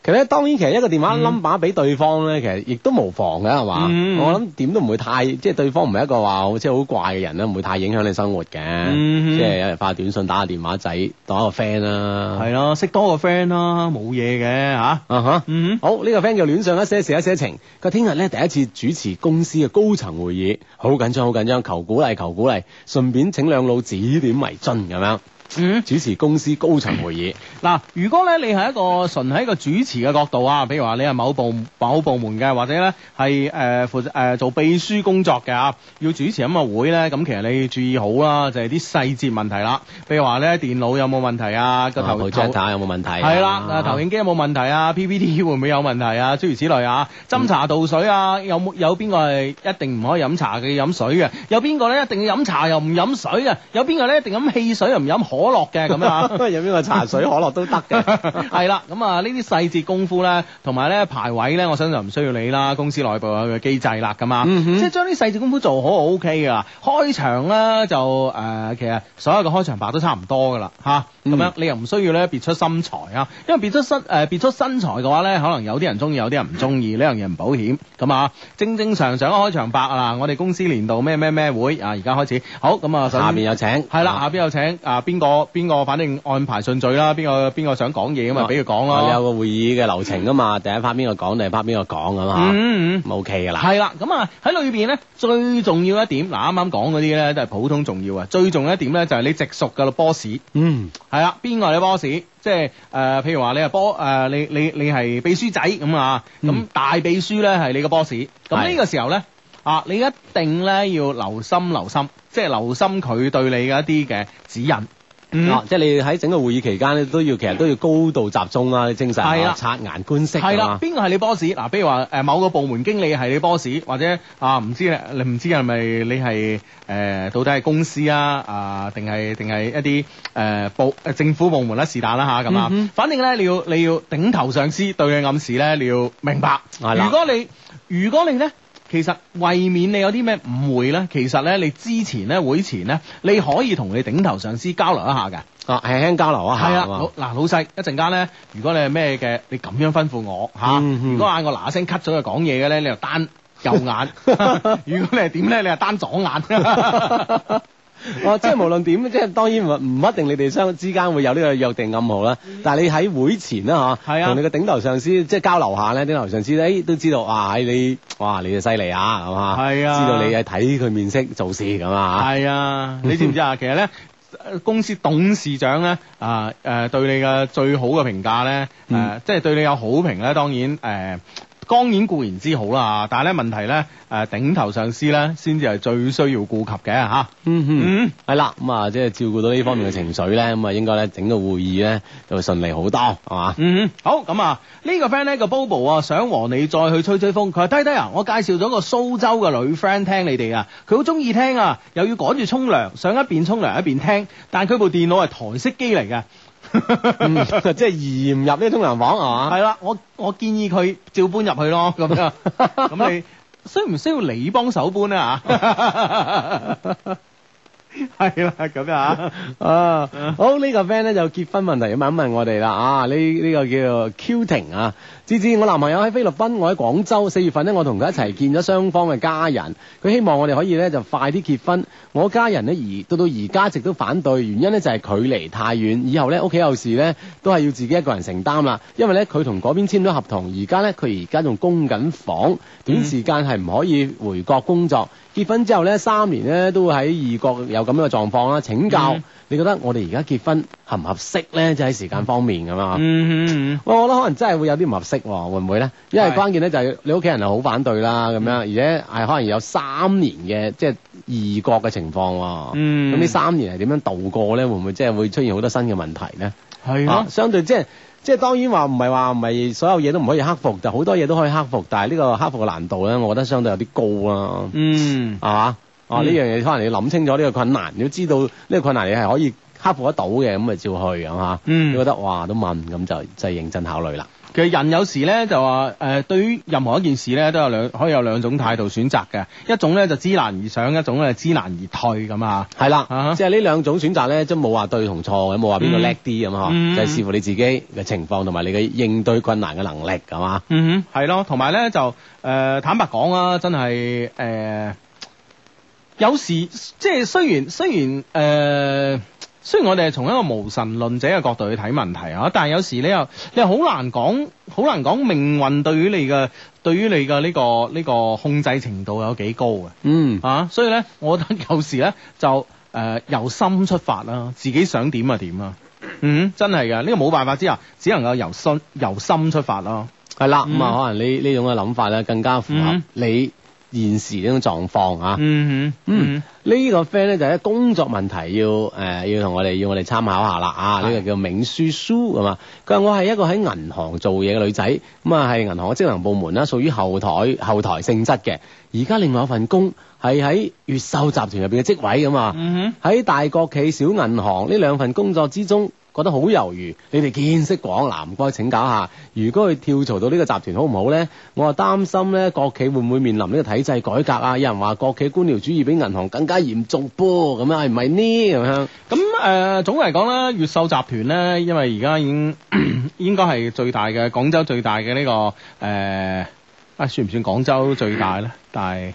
其實咧，當然，其實一個電話 number 俾對方咧，嗯、其實亦都無妨嘅，係嘛？嗯、我諗點都唔會太，即、就、係、是、對方唔係一個話即係好怪嘅人咧，唔會太影響你生活嘅。嗯嗯即係有人發短信，打個電話仔，當一個 friend 啦、啊。係咯、啊，識多個 friend 啦、啊，冇嘢嘅吓。啊吓，好，呢、這個 friend 叫戀上一些事，一些情。佢聽日咧第一次主持公司嘅高層會議，好緊張，好緊張，求鼓勵，求鼓勵。順便請兩老指點迷津咁樣。嗯，主持公司高層會議嗱，如果咧你係一個純喺一個主持嘅角度啊，譬如話你係某部某部門嘅，或者咧係誒負責誒做秘書工作嘅啊，要主持咁嘅會咧，咁其實你要注意好啦，就係啲細節問題啦。譬如話咧電腦有冇問題啊？個頭台有冇問題？係啦，誒投影機有冇問題啊？PPT 會唔會有問題啊？諸如此類啊，斟茶倒水啊，有冇有邊個係一定唔可以飲茶嘅飲水嘅？有邊個咧一定要飲茶又唔飲水啊，有邊個咧一定飲汽水又唔飲可樂嘅咁啊，有邊 個茶水可樂都得嘅， 係啦。咁啊呢啲細節功夫咧，同埋咧排位咧，我想就唔需要你啦。公司內部嘅機制啦，咁啊，嗯、哼即係將啲細節功夫做好，O K 噶啦。開場咧就誒、呃，其實所有嘅開場白都差唔多噶啦，吓、啊、咁、嗯、樣，你又唔需要咧別出心裁啊。因為別出身誒，別出身材嘅話咧，可能有啲人中意，有啲人唔中意，呢、嗯、樣嘢唔保險。咁啊，正正常常嘅開場白啊，啦，我哋公司年度咩咩咩會啊，而家開始好咁啊，嗯、下邊有請，係啦，下邊有請啊邊個？啊我邊個反正安排順序啦，邊個邊個想講嘢咁嘛，俾佢講啦。啊、你有個會議嘅流程啊嘛，第一 part 邊個講，第二 part 邊個講咁啊。OK 噶啦。係啦，咁啊喺裏邊咧最重要一點，嗱啱啱講嗰啲咧都係普通重要啊。最重要一點咧就係你直屬噶啦，boss。嗯，係啦，邊個係你 boss？即係誒、呃，譬如話你係波誒、呃，你你你係秘書仔咁啊，咁、嗯、大秘書咧係你個 boss。咁呢個時候咧啊，你一定咧要留心留心，即係留心佢對你嘅一啲嘅指引。嗯，mm hmm。即係你喺整個會議期間咧，都要其實都要高度集中啦，你精神啊，察言觀色係啦。邊個係你 boss？嗱，比如話誒某個部門經理係你 boss，或者啊唔知，知是是你唔知係咪你係誒到底係公司啊啊，定係定係一啲誒、呃、部誒政府部門啦是但啦吓咁啊。啊 mm hmm。反正咧你要你要頂頭上司對你暗示咧，你要明白。係啦的，如果你如果你咧。其實為免你有啲咩誤會咧，其實咧你之前咧會前咧，你可以同你頂頭上司交流一下嘅，啊，輕輕交流一下，係啊，嗱，老細一陣間咧，如果你係咩嘅，你咁樣吩咐我吓，啊嗯嗯、如果嗌我嗱嗱聲 cut 咗佢講嘢嘅咧，你就單右眼， 如果你係點咧，你就單左眼。 哇，即係無論點，即係當然唔唔一定你哋相之間會有呢個約定暗號啦。但係你喺會前啦，吓、啊、同是、啊、你嘅頂頭上司即係交流下咧，頂頭上司咧、哎、都知道、哎、哇！你哇，你就犀利啊，係嘛？係啊，知道你係睇佢面色做事咁啊。係啊，你知唔知啊？ 其實咧，公司董事長咧啊誒，對你嘅最好嘅評價咧誒，即、呃、係、嗯、對你有好評咧，當然誒。呃當然固然之好啦，但係咧，問題咧，誒頂頭上司咧，先至係最需要顧及嘅吓。嗯哼嗯，係啦，咁啊，即係照顧到呢方面嘅情緒咧，咁啊、嗯，應該咧，整個會議咧就會順利好多，係嘛？嗯嗯，好，咁啊，呢、這個 friend 咧個 Bobo 啊，想和你再去吹吹風。佢話低低啊，我介紹咗個蘇州嘅女 friend 聽你哋啊，佢好中意聽啊，又要趕住沖涼，想一邊沖涼一邊聽，但佢部電腦係台式機嚟嘅。 嗯、即係嫌入呢通人房係嘛？係、啊、啦，我我建議佢照搬入去咯，咁 樣咁你 需唔需要你幫手搬啊？係 啦， 咁樣啊， 啊好 個呢個 friend 咧就結婚問題問一問我哋啦啊，呢呢、這個叫做 Qting 啊。之之，我男朋友喺菲律賓，我喺廣州。四月份呢，我同佢一齊見咗雙方嘅家人。佢希望我哋可以呢，就快啲結婚。我家人呢，而到到而家一直都反對，原因呢，就係距離太遠。以後呢，屋企有事呢，都係要自己一個人承擔啦。因為呢，佢同嗰邊簽咗合同，而家呢，佢而家仲供緊房，短時間係唔可以回國工作。結婚之後呢，三年呢，都會喺異國有咁樣嘅狀況啦。請教。嗯你覺得我哋而家結婚合唔合適咧？即係喺時間方面咁嘛。嗯嗯嗯，我覺得可能真係會有啲唔合適喎，會唔會咧？因為關鍵咧就係你屋企人係好反對啦，咁樣、嗯、而且係可能有三年嘅即係異國嘅情況喎。咁呢、嗯、三年係點樣度過咧？會唔會即係會出現好多新嘅問題咧？係啊，啊，相對即係即係當然話唔係話唔係所有嘢都唔可以克服，就好多嘢都可以克服，但係呢個克服嘅難度咧，我覺得相對有啲高啦。嗯，係嘛？哦，呢樣嘢可能你諗清楚呢個困難，你知道呢個困難你係可以克服得到嘅，咁咪照去嚇。嗯，你覺得哇都問，咁就就係認真考慮啦。其實人有時咧就話誒，對於任何一件事咧都有兩可以有兩種態度選擇嘅，一種咧就知難而上，一種咧知難而退咁嚇。係啦，即係呢兩種選擇咧，即冇話對同錯，有冇話邊個叻啲咁嗬，就視乎你自己嘅情況同埋你嘅應對困難嘅能力係嘛。嗯，係咯，同埋咧就誒坦白講啊，真係誒。有時即係雖然雖然誒、呃，雖然我哋係從一個無神論者嘅角度去睇問題啊，但係有時你又你又好難講，好難講命運對於你嘅對於你嘅呢、這個呢、這個控制程度有幾高嘅。嗯啊，所以咧，我覺得有時咧就誒、呃、由心出發啦，自己想點啊點啊。嗯，真係噶，呢、這個冇辦法之下，只能夠由心由心出發咯。係啦、嗯，咁啊，嗯嗯、可能你呢種嘅諗法咧更加符合、嗯、你現時呢種狀況啊，嗯嗯哼嗯，呢、嗯、個 friend 咧就係工作問題要誒、呃、要同我哋要我哋參考下啦啊，呢、啊、個叫明書書係嘛，佢話我係一個喺銀行做嘢嘅女仔，咁啊係銀行嘅職能部門啦，屬於後台後台性質嘅，而家另外一份工係喺越秀集團入邊嘅職位咁啊，喺、嗯、哼大國企小銀行呢兩份工作之中。覺得好猶豫，你哋見識廣嗱，唔該請教下，如果佢跳槽到呢個集團好唔好咧？我又擔心咧，國企會唔會面臨呢個體制改革啊？有人話國企官僚主義比銀行更加嚴重噃、啊，咁樣係唔係呢？咁樣咁誒，總嚟講咧，越秀集團咧，因為而家已經 應該係最大嘅廣州最大嘅呢、呢個誒、呃，算唔算廣州最大咧？ 但係。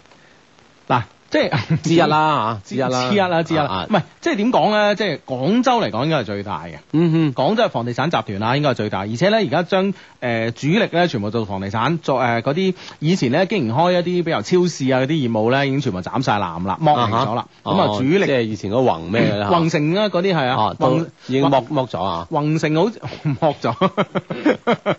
即係之一啦嚇，之一啦，之一啦，之一啦。唔係即係點講咧？即係廣州嚟講應該係最大嘅。嗯哼、mm，廣、hmm、州嘅房地產集團啦，應該係最大。而且咧，而家將誒主力咧，全部做房地產，做誒嗰啲以前咧經營開一啲比如超市啊嗰啲業務咧，已經全部斬晒纜啦，剝咗啦。咁啊、uh，huh、主力、uh huh、即係以前嗰宏咩咧、嗯？宏城啊，嗰啲係啊，已經剝剝咗啊。宏城好似剝咗、啊。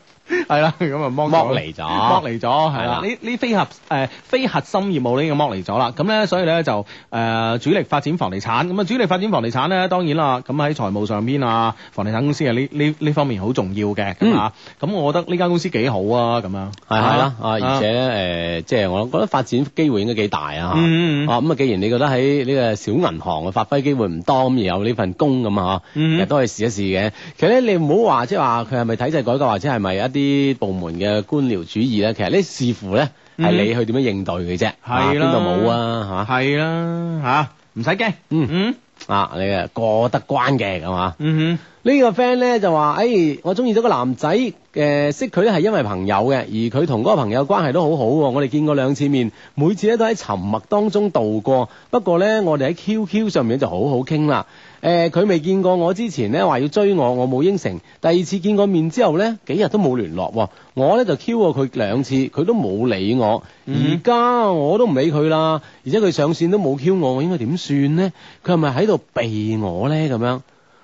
係啦，咁啊剝離咗，剝離咗，係啦，呢呢非核誒非核心業務呢，已經剝離咗啦，咁咧所以咧就誒主力發展房地產，咁啊主力發展房地產咧當然啦，咁喺財務上邊啊，房地產公司啊呢呢呢方面好重要嘅，咁啊、嗯，咁我覺得呢間公司幾好啊，咁樣，係係啦，啊而且誒，呃、即係我覺得發展機會應該幾大啊，嚇、嗯嗯，咁啊，既然你覺得喺呢個小銀行嘅發揮機會唔多，咁而有呢份工咁啊，嚇、嗯嗯，都可以試一試嘅。其實咧，你唔好話即係話佢係咪體制改革或者係咪一？啲部門嘅官僚主義啦，其實呢視乎咧係你去點樣應對佢啫，邊度冇啊？係嘛？係啦，嚇，唔使驚，嗯哼，啊你嘅過得關嘅係嘛？嗯哼，呢個 friend 咧就話：哎，我中意咗個男仔，誒識佢係因為朋友嘅，而佢同嗰個朋友關係都好好喎。我哋見過兩次面，每次咧都喺沉默當中度過，不過咧我哋喺 QQ 上面就好好傾啦。誒，佢未、欸、見過我之前咧，話要追我，我冇應承。第二次見過面之後咧，幾日都冇聯絡。哦、我咧就 Q 過佢兩次，佢都冇理我。而家、嗯、我都唔理佢啦。而且佢上線都冇 Q 我，我應該點算咧？佢係咪喺度避我咧？咁樣，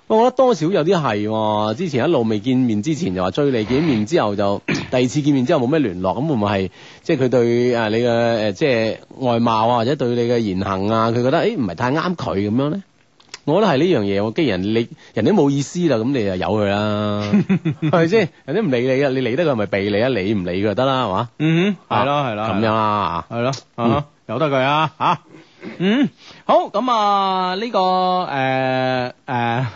我覺得多少有啲係喎。之前一路未見面之前就話追你，見面之後就 第二次見面之後冇咩聯絡，咁會唔會係即係佢對誒你嘅誒、呃、即係外貌啊，或者對你嘅言行啊，佢覺得誒唔係太啱佢咁樣咧？我覺得係呢樣嘢、哦，我既然你人都冇意思啦，咁你就由佢啦，係咪先？人哋唔理你啊，你理得佢咪避你啊，理唔理佢就得啦，係嘛？嗯哼，係咯係咯，咁樣啊，係咯，係咯，由得佢啊，吓，嗯。好咁啊！呢、這個誒誒，而、呃、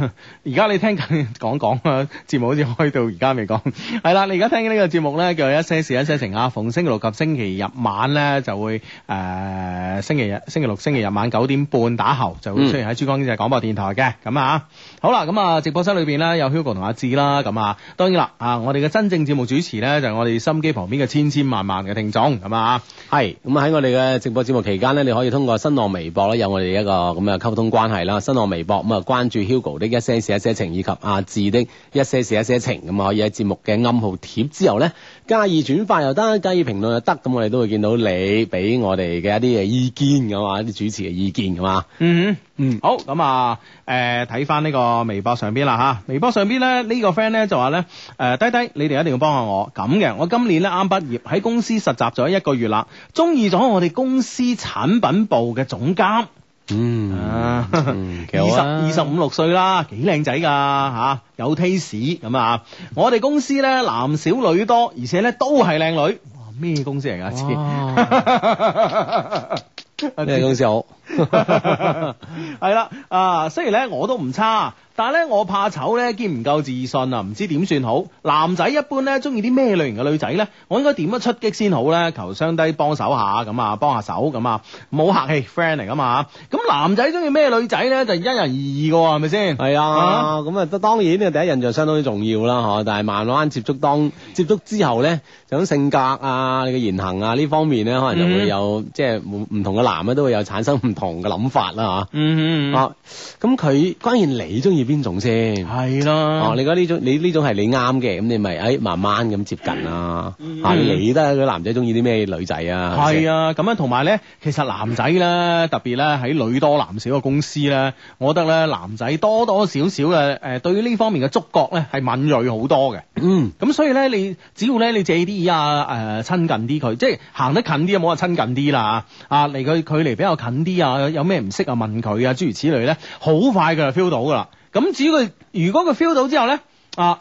家、呃、你聽緊講講啊，節目好似開到而家未講。係 啦，你而家聽緊呢個節目咧，叫一些事，一些情啊。逢星期六及星期日晚咧，就會誒、呃、星期日、星期六、星期日晚九點半打後，就會出現喺珠江經濟廣播電台嘅。咁、嗯、啊，好啦，咁啊，直播室裏邊咧有 Hugo 同阿志啦。咁啊，當然啦，啊，我哋嘅真正節目主持咧，就係、是、我哋心機旁邊嘅千千萬萬嘅聽眾。咁啊，係咁喺我哋嘅直播節目期間咧，你可以通過新浪微博咧有。我哋一個咁嘅溝通關係啦，新浪微博咁啊、嗯、關注 Hugo 的一些事一些情，以及阿志的一些事一些情，咁啊可以喺節目嘅暗號貼之後咧，加以轉發又得，加以評論又得，咁我哋都會見到你俾我哋嘅一啲嘅意見嘅嘛，一啲主持嘅意見嘅嘛。嗯嗯，好咁啊，誒睇翻呢個微博上邊啦吓，微博上邊咧呢、這個 friend 咧就話咧誒低低，你哋一定要幫下我咁嘅，我今年咧啱畢業喺公司實習咗一個月啦，中意咗我哋公司產品部嘅總監。嗯，嗯啊，二十二十五六歲啦，幾靚仔噶吓，有 taste 咁啊！我哋公司咧，男少女多，而且咧都係靚女。哇，咩公司嚟噶？你哋公司好？係 啦， 啊，雖然咧我都唔差。但係咧，我怕醜咧，兼唔夠自信啊，唔知點算好？男仔一般咧，中意啲咩類型嘅女仔咧？我應該點樣出擊先好咧？求上帝幫手下咁啊，幫下手咁啊，冇客氣，friend 嚟噶嘛？咁男仔中意咩女仔咧？就因人而異噶喎，係咪先？係啊，咁啊，當然啊，第一印象相當之重要啦，吓，但係慢慢接觸，當接觸之後咧，就種性格啊，你嘅言行啊呢方面咧，可能就會有、嗯、即係唔同嘅男咧，都會有產生唔同嘅諗法啦，吓嗯嗯。啊，咁佢關鍵你中意。邊種先？係啦，哦，你覺得呢種，你呢種係你啱嘅，咁你咪誒慢慢咁接近啦。嚇，你都係男仔中意啲咩女仔啊？係、嗯、啊，咁樣同埋咧，其實男仔咧，特別咧喺女多男少嘅公司咧，我覺得咧男仔多多少少嘅誒對於呢方面嘅觸覺咧係敏鋭好多嘅。嗯，咁所以咧，你只要咧你借啲啊誒、啊、親近啲佢，即係行得近啲，冇話親近啲啦啊，離佢距離比較近啲啊，有咩唔識啊問佢啊，諸如此類咧，好快佢就 feel 到噶啦。咁至於佢如果佢 feel 到之後咧，啊，誒、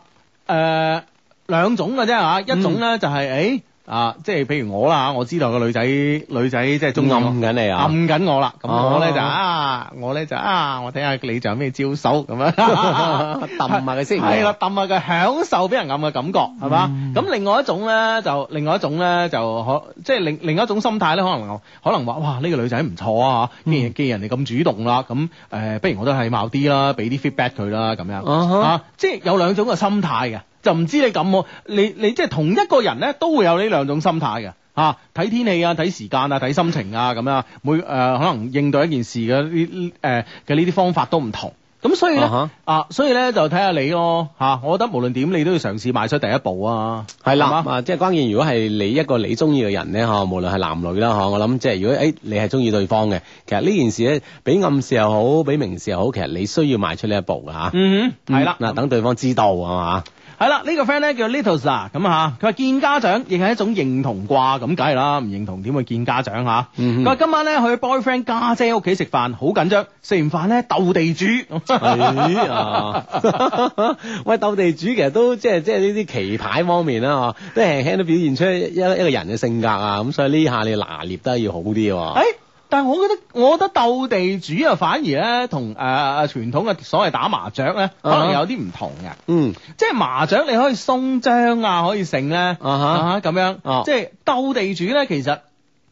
呃、兩種嘅啫吓，一種咧就係、是、誒。嗯啊，即係譬如我啦，我知道個女仔，女仔即係中、嗯、暗緊你啊，暗緊我啦，咁我咧就啊，我咧就啊，我睇下你就有咩招手。咁樣，氹 下佢先。係咯，氹下佢享受俾人暗嘅感覺，係嘛？咁、嗯、另外一種咧，就另外一種咧，就可即係、就是、另另一種心態咧，可能可能話哇呢、這個女仔唔錯啊，既然既然人哋咁主動啦、啊，咁誒，不、呃、如我都禮貌啲啦，俾啲 feedback 佢、啊、啦，咁樣即係有兩種嘅心態嘅。就唔知你咁，你你即係同一個人咧，都會有呢兩種心態嘅吓，睇天氣啊，睇時間啊，睇心情啊，咁樣每誒、呃、可能應對一件事嘅呢誒嘅呢啲方法都唔同，咁所以咧啊，啊，所以咧就睇下你咯吓，我覺得無論點你都要嘗試邁出第一步啊，係啦、啊，啊吧即係關鍵，如果係你一個你中意嘅人咧，吓無論係男女啦，吓我諗即係如果誒你係中意對方嘅，其實呢件事咧，俾暗示又好，俾明示又好，其實你需要邁出呢一步嘅吓、嗯的嗯，嗯嗯，係啦，嗱等對方知道係嘛？是係啦，這個，呢個 friend 咧叫 Little 啊，咁啊吓，佢話見家長亦係一種認同啩，咁梗係啦，唔認同點去見家長吓。佢話、嗯、哼今晚咧去 boyfriend 家姐屋企食飯，好緊張。食完飯咧鬥地主。 哎、呀 喂，鬥地主其實都即係即係呢啲棋牌方面啦，都輕輕都表現出一一個人嘅性格啊。咁所以呢下你拿捏得要好啲嘅。哎但係我覺得，我覺得鬥地主啊，反而咧同誒誒、呃、傳統嘅所謂打麻雀咧，可能有啲唔同嘅。嗯、uh，huh. 即係麻雀你可以送張啊，可以成咧、啊。Uh huh. 啊吓咁樣。樣、uh，huh. 即係鬥地主咧，其實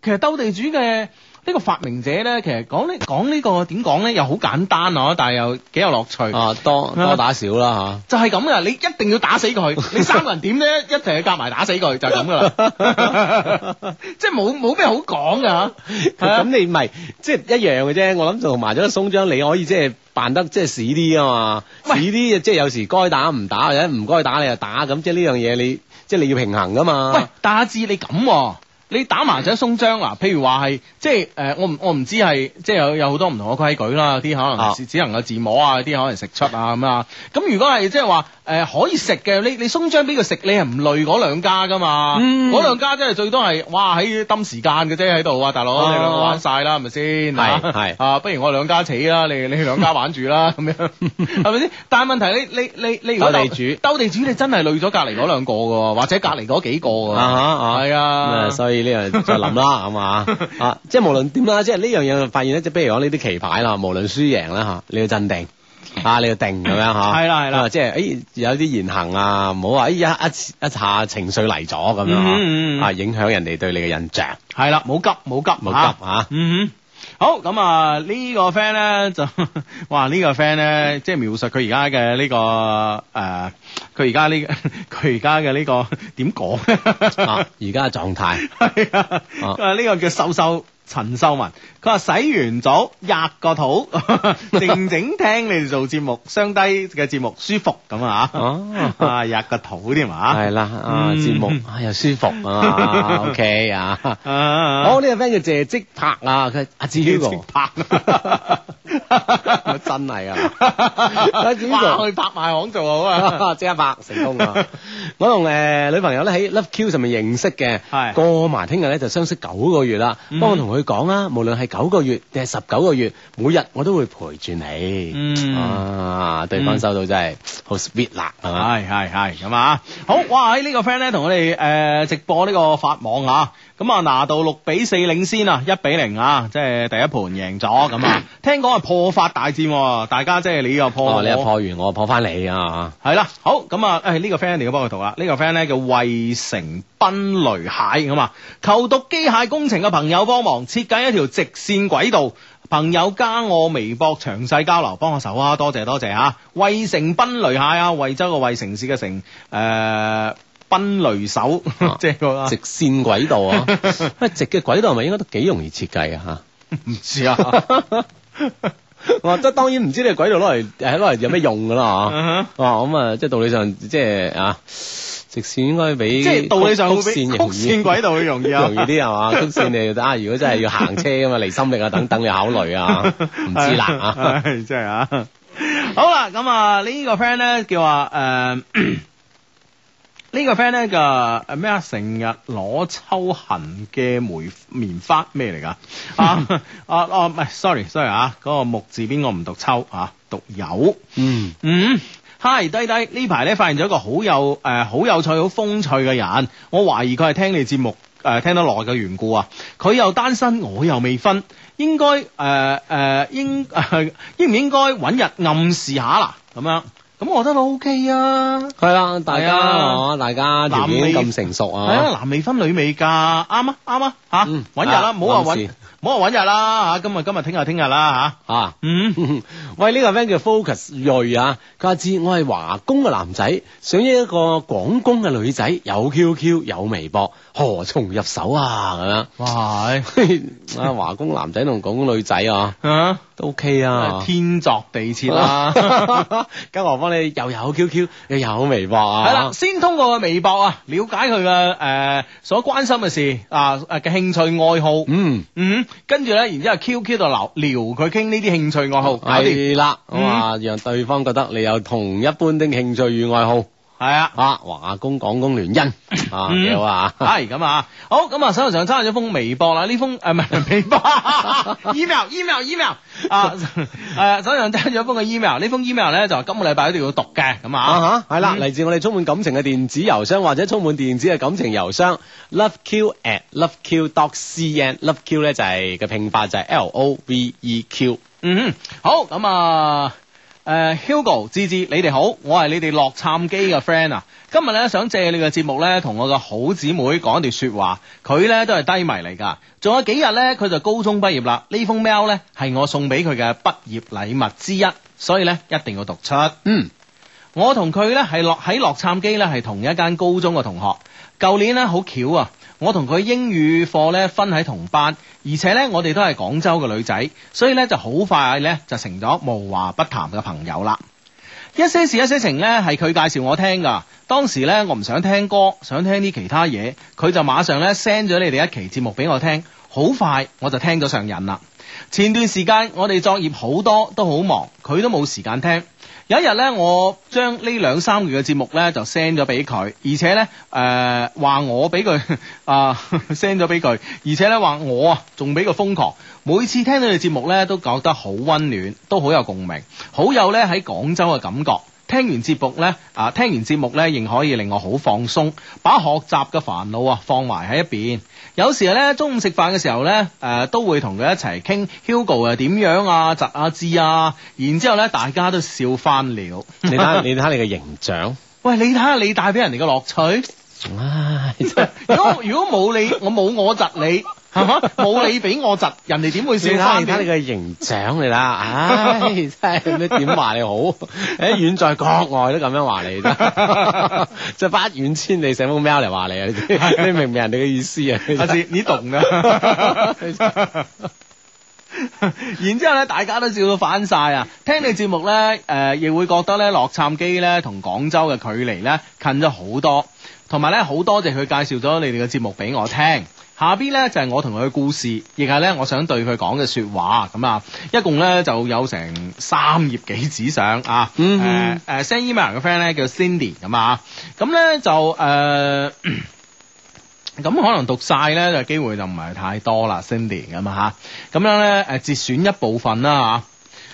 其實鬥地主嘅。呢個發明者咧，其實講咧講呢個點講咧，又好簡單嗬、啊，但係又幾有樂趣。啊，多多打少啦吓， 就係咁噶，你一定要打死佢，你三個人點咧一齊去夾埋打死佢就咁噶啦， 即係冇冇咩好講噶吓。咁、啊、 你唔係即係一樣嘅啫，我諗就同埋咗鬆張，你可以即係扮得即係屎啲啊嘛，屎啲喂 即係有時該打唔打，或者唔該打你就打，咁即係呢樣嘢你即係你要平衡噶嘛。 喂，但阿志你咁、啊。你打麻雀鬆張啊？譬如話係即係誒、呃，我唔我唔知係即係有有好多唔同嘅規矩啦，啲可能只能夠自摸啊，啲可能食出啊咁啊。咁如果係即係話誒可以食嘅，你你鬆張俾佢食，你係唔累嗰兩家噶嘛？嗰、嗯、兩家即係最多係哇喺掟時間嘅啫喺度啊，大佬、哦、你兩個玩晒啦，係咪先？係啊，不如我兩家扯啦，你你，你兩家玩住啦咁樣係咪先？但係問題你你你呢個鬥地主鬥地，地主，你真係累咗隔離嗰兩個㗎，或者隔離嗰幾個㗎。係啊，所以。呢樣 再諗啦，咁啊，啊，即係無論點啦，即係呢樣嘢就發現咧，即係比如講呢啲棋牌啦，無論輸贏啦吓，你要鎮定，啊，你要定咁樣吓，係啦係啦，即係誒，有啲言行啊，唔好話，哎呀一一下情緒嚟咗咁樣啊，影響人哋對你嘅印象，係啦，冇急，冇急，冇急啊，啊嗯，嗯。好咁啊！呢個 friend 咧就哇！呢個 friend 咧，即係描述佢而家嘅呢個誒，佢而家呢，佢而家嘅呢個點講咧，啊，而家嘅狀態，係 啊，啊呢個叫瘦瘦。陳秀文，佢話洗完澡，吔個肚，靜靜聽你哋做節目，雙低嘅節目舒服咁啊啊吔個肚添啊，係啦、啊，啊節目又、哎、舒服啊 ，OK 啊，我呢、啊啊啊 oh, 個 friend 叫謝即拍啊，佢係阿志超拍，雞 真係 啊，話去拍賣行做好啊，即 刻拍成功啊， 我同誒、呃、女朋友咧喺 Love Q 上面認識嘅，係是過埋聽日咧就相識九個月啦，幫我同。佢講啦，無論係九個月定係十九個月，每日我都會陪住你。嗯，啊，嗯、對方收到真係好 sweet 啦，係咪係係咁啊！好，哇喺、這個、呢個 friend 咧，同我哋誒、呃、直播呢個法網啊。咁啊，拿到六比四領先啊，一比零啊，即係第一盤贏咗。咁啊，聽講係破發大戰，大家即係你又破，破，哦、你破完，我破翻你啊！係啦，好咁啊，誒呢、哎這個 friend 你要幫佢讀啦，呢、這個 friend 咧叫惠城斌雷蟹咁啊，求讀機械工程嘅朋友幫忙設計一條直線軌道，朋友加我微博詳細交流，幫我手啊，多謝多謝，多謝啊！惠城斌雷蟹啊，惠州嘅惠城市嘅城誒。呃分雷手，即係直線軌道啊，直嘅軌道係咪應該都幾容易設計啊？吓，唔知啊，我即係當然唔知你軌道攞嚟，攞嚟有咩用噶啦？吓，哦，咁啊，即係道理上，即係啊，直線應該比即係道理上好比曲線軌道會容易，容易啲係嘛？曲線你啊，如果真係要行車啊嘛，離心力啊等等要考慮啊，唔知啦啊，係真係啊，好啦，咁啊，呢個 friend 咧叫話誒。呢個 friend 咧就誒咩啊？成日攞秋痕嘅梅棉花咩嚟㗎？啊啊啊唔係，sorry sorry 啊，嗰、那個木字邊個唔讀秋？啊，讀、嗯嗯嗯、有。嗯嗯嗨，低低呢排咧發現咗一個好有誒好有趣好風趣嘅人，我懷疑佢係聽你節目誒、呃、聽得耐嘅緣故啊！佢又單身，我又未婚，應該誒誒應、呃、應唔應該揾日暗示下啦、啊、咁樣。咁我覺得都 OK 啊，係啊，大家、啊、大家男、啊、條件咁成熟啊，男未婚女未嫁，啱啊，啱啊，吓、啊，揾、嗯啊、日啦，唔好話唔好話揾日啦吓、啊，今日今日聽日聽日啦吓，嚇，啊啊、嗯， 喂，呢、呢個 friend 叫 Focus 睿啊，佢話知我係華工嘅男仔，想一個廣工嘅女仔，有 QQ 有微博。何從入手啊咁樣？哇， 啊！華工男仔同廣工女仔啊，都 OK 啊，啊啊天作地設啦、啊。 更何況你又有 QQ 又有微博啊，係啦，先通過微博啊了解佢嘅誒所關心嘅事啊誒嘅、啊、興趣愛好。嗯嗯，跟住咧，然之後 QQ 度聊聊佢傾呢啲興趣愛好。係啦，哇，讓對方覺得你有同一般的興趣與愛好。係啊，啊華公港工聯姻啊，幾好 啊，係咁啊，啊，好咁啊，手上揸咗封微博啦，呢封誒唔係微博 ，email，email，email em em 啊，誒，手上揸咗封嘅 email，em 呢封 email 咧就今個禮拜一定要讀嘅，咁啊，係啦、啊，嚟、啊嗯、自我哋充滿感情嘅電子郵箱或者充滿電子嘅感情郵箱，love q at love q dot cn，love q 咧就係嘅拼法就係 l o v e q，嗯哼，好咁啊。誒、uh，Hugo、芝芝，你哋好，我係你哋洛杉磯嘅 friend 啊！今日咧想借你嘅節目咧，同我嘅好姊妹講一段說話。佢咧都係低迷嚟噶，仲有幾日咧佢就高中畢業啦。呢封 mail 咧係我送俾佢嘅畢業禮物之一，所以咧一定要讀出。嗯，我同佢咧係落喺洛杉磯咧係同一間高中嘅同學，舊年咧好巧啊！我同佢英語課呢分喺同班，而且呢，我哋都係廣州嘅女仔，所以呢就好快呢就成咗無話不談嘅朋友啦。一些事，一些情呢係佢介紹我聽噶。當時呢，我唔想聽歌，想聽啲其他嘢，佢就馬上呢 send 咗你哋一期節目俾我聽，好快我就聽咗上癮啦。前段時間我哋作業好多都好忙，佢都冇時間聽。有一日咧，我將呢兩三個月嘅節目咧就 send 咗俾佢，而且咧誒，話我俾佢啊 send 咗俾佢，而且咧話我啊仲俾佢瘋狂。每次聽到呢個節目咧，都覺得好溫暖，都好有共鳴，好有咧喺廣州嘅感覺。聽完節目咧，啊，聽完節目咧，仍可以令我好放鬆，把學習嘅煩惱啊放埋喺一邊。有時咧，中午食飯嘅時候咧，誒、啊，都會同佢一齊傾，Hugo 啊，點樣啊？窒阿志啊，然之後咧，大家都笑翻了。你睇，你睇你嘅形象。 喂，你睇下你帶俾人哋嘅樂趣、 啊真 如。如果如果冇你，我冇我窒你。冇、啊、你俾我窒，人哋點會笑翻？你睇你嘅形象嚟啦，唉，真係點話你好？喺遠在國外都咁樣話你啫，即係不遠千里寫封喵嚟話你，你， 你啊！ 你明唔明人哋嘅意思啊？阿你懂噶。 然之後咧，大家都笑到反晒啊！聽你節目咧，誒、呃，亦會覺得咧，洛杉磯咧同廣州嘅距離咧近咗好多，同埋咧好多謝佢介紹咗你哋嘅節目俾我聽。下邊咧就係、是、我同佢嘅故事，亦係咧我想對佢講嘅說話咁啊，一共咧就有成三頁幾紙相啊，誒誒 send email 嘅 friend 咧叫 Cindy 咁啊，咁咧就誒，咁、呃、可能讀晒咧就機會就唔係太多啦，Cindy 咁啊吓，咁樣咧誒節選一部分啦啊，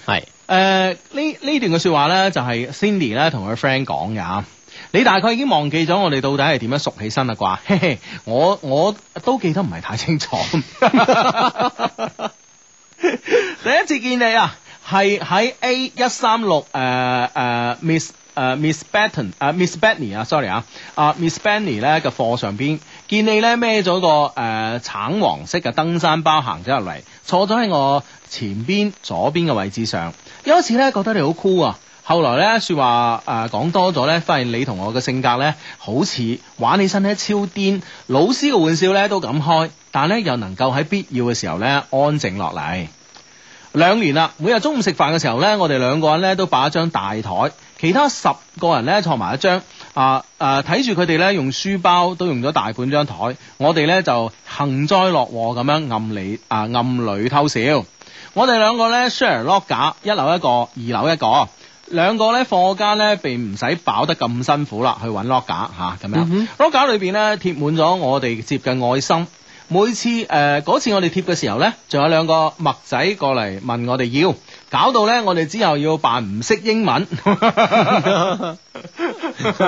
係誒是、呃、呢、就是、呢段嘅說話咧就係 Cindy 咧同佢 friend 講㗎啊。你大概已經忘記咗我哋到底係點樣熟起身啦啩？我我都記得唔係太清楚。 第一次見你 6,、呃呃 Miss, 呃 ten, 呃、any, 啊，係喺 A 一三六誒誒 Miss 誒 Miss Batten 誒 Miss Benny 啊，sorry 啊啊 Miss Benny 咧嘅課上邊見你咧孭咗個誒、呃、橙黃色嘅登山包行咗入嚟，坐咗喺我前邊左邊嘅位置上，有一次咧覺得你好酷、cool、啊！後來咧，說話誒講多咗咧，發現你同我嘅性格咧，好似玩起身咧超癲，老師嘅玩笑咧都敢開，但咧又能夠喺必要嘅時候咧安靜落嚟。兩年啦，每日中午食飯嘅時候咧，我哋兩個人咧都擺一張大台，其他十個人咧坐埋一張啊。誒，睇住佢哋咧用書包都用咗大半張台，我哋咧就幸災樂禍咁樣暗裏啊暗裏偷笑。我哋兩個咧 share lock 架，一樓一個，二樓一個。兩個咧課間咧，並唔使跑得咁辛苦啦，去揾 lock 架吓咁、啊、樣。lock、嗯、哼架裏邊咧貼滿咗我哋接嘅愛心。每次誒嗰、呃、次我哋貼嘅時候咧，仲有兩個墨仔過嚟問我哋要，搞到咧我哋之後要扮唔識英文，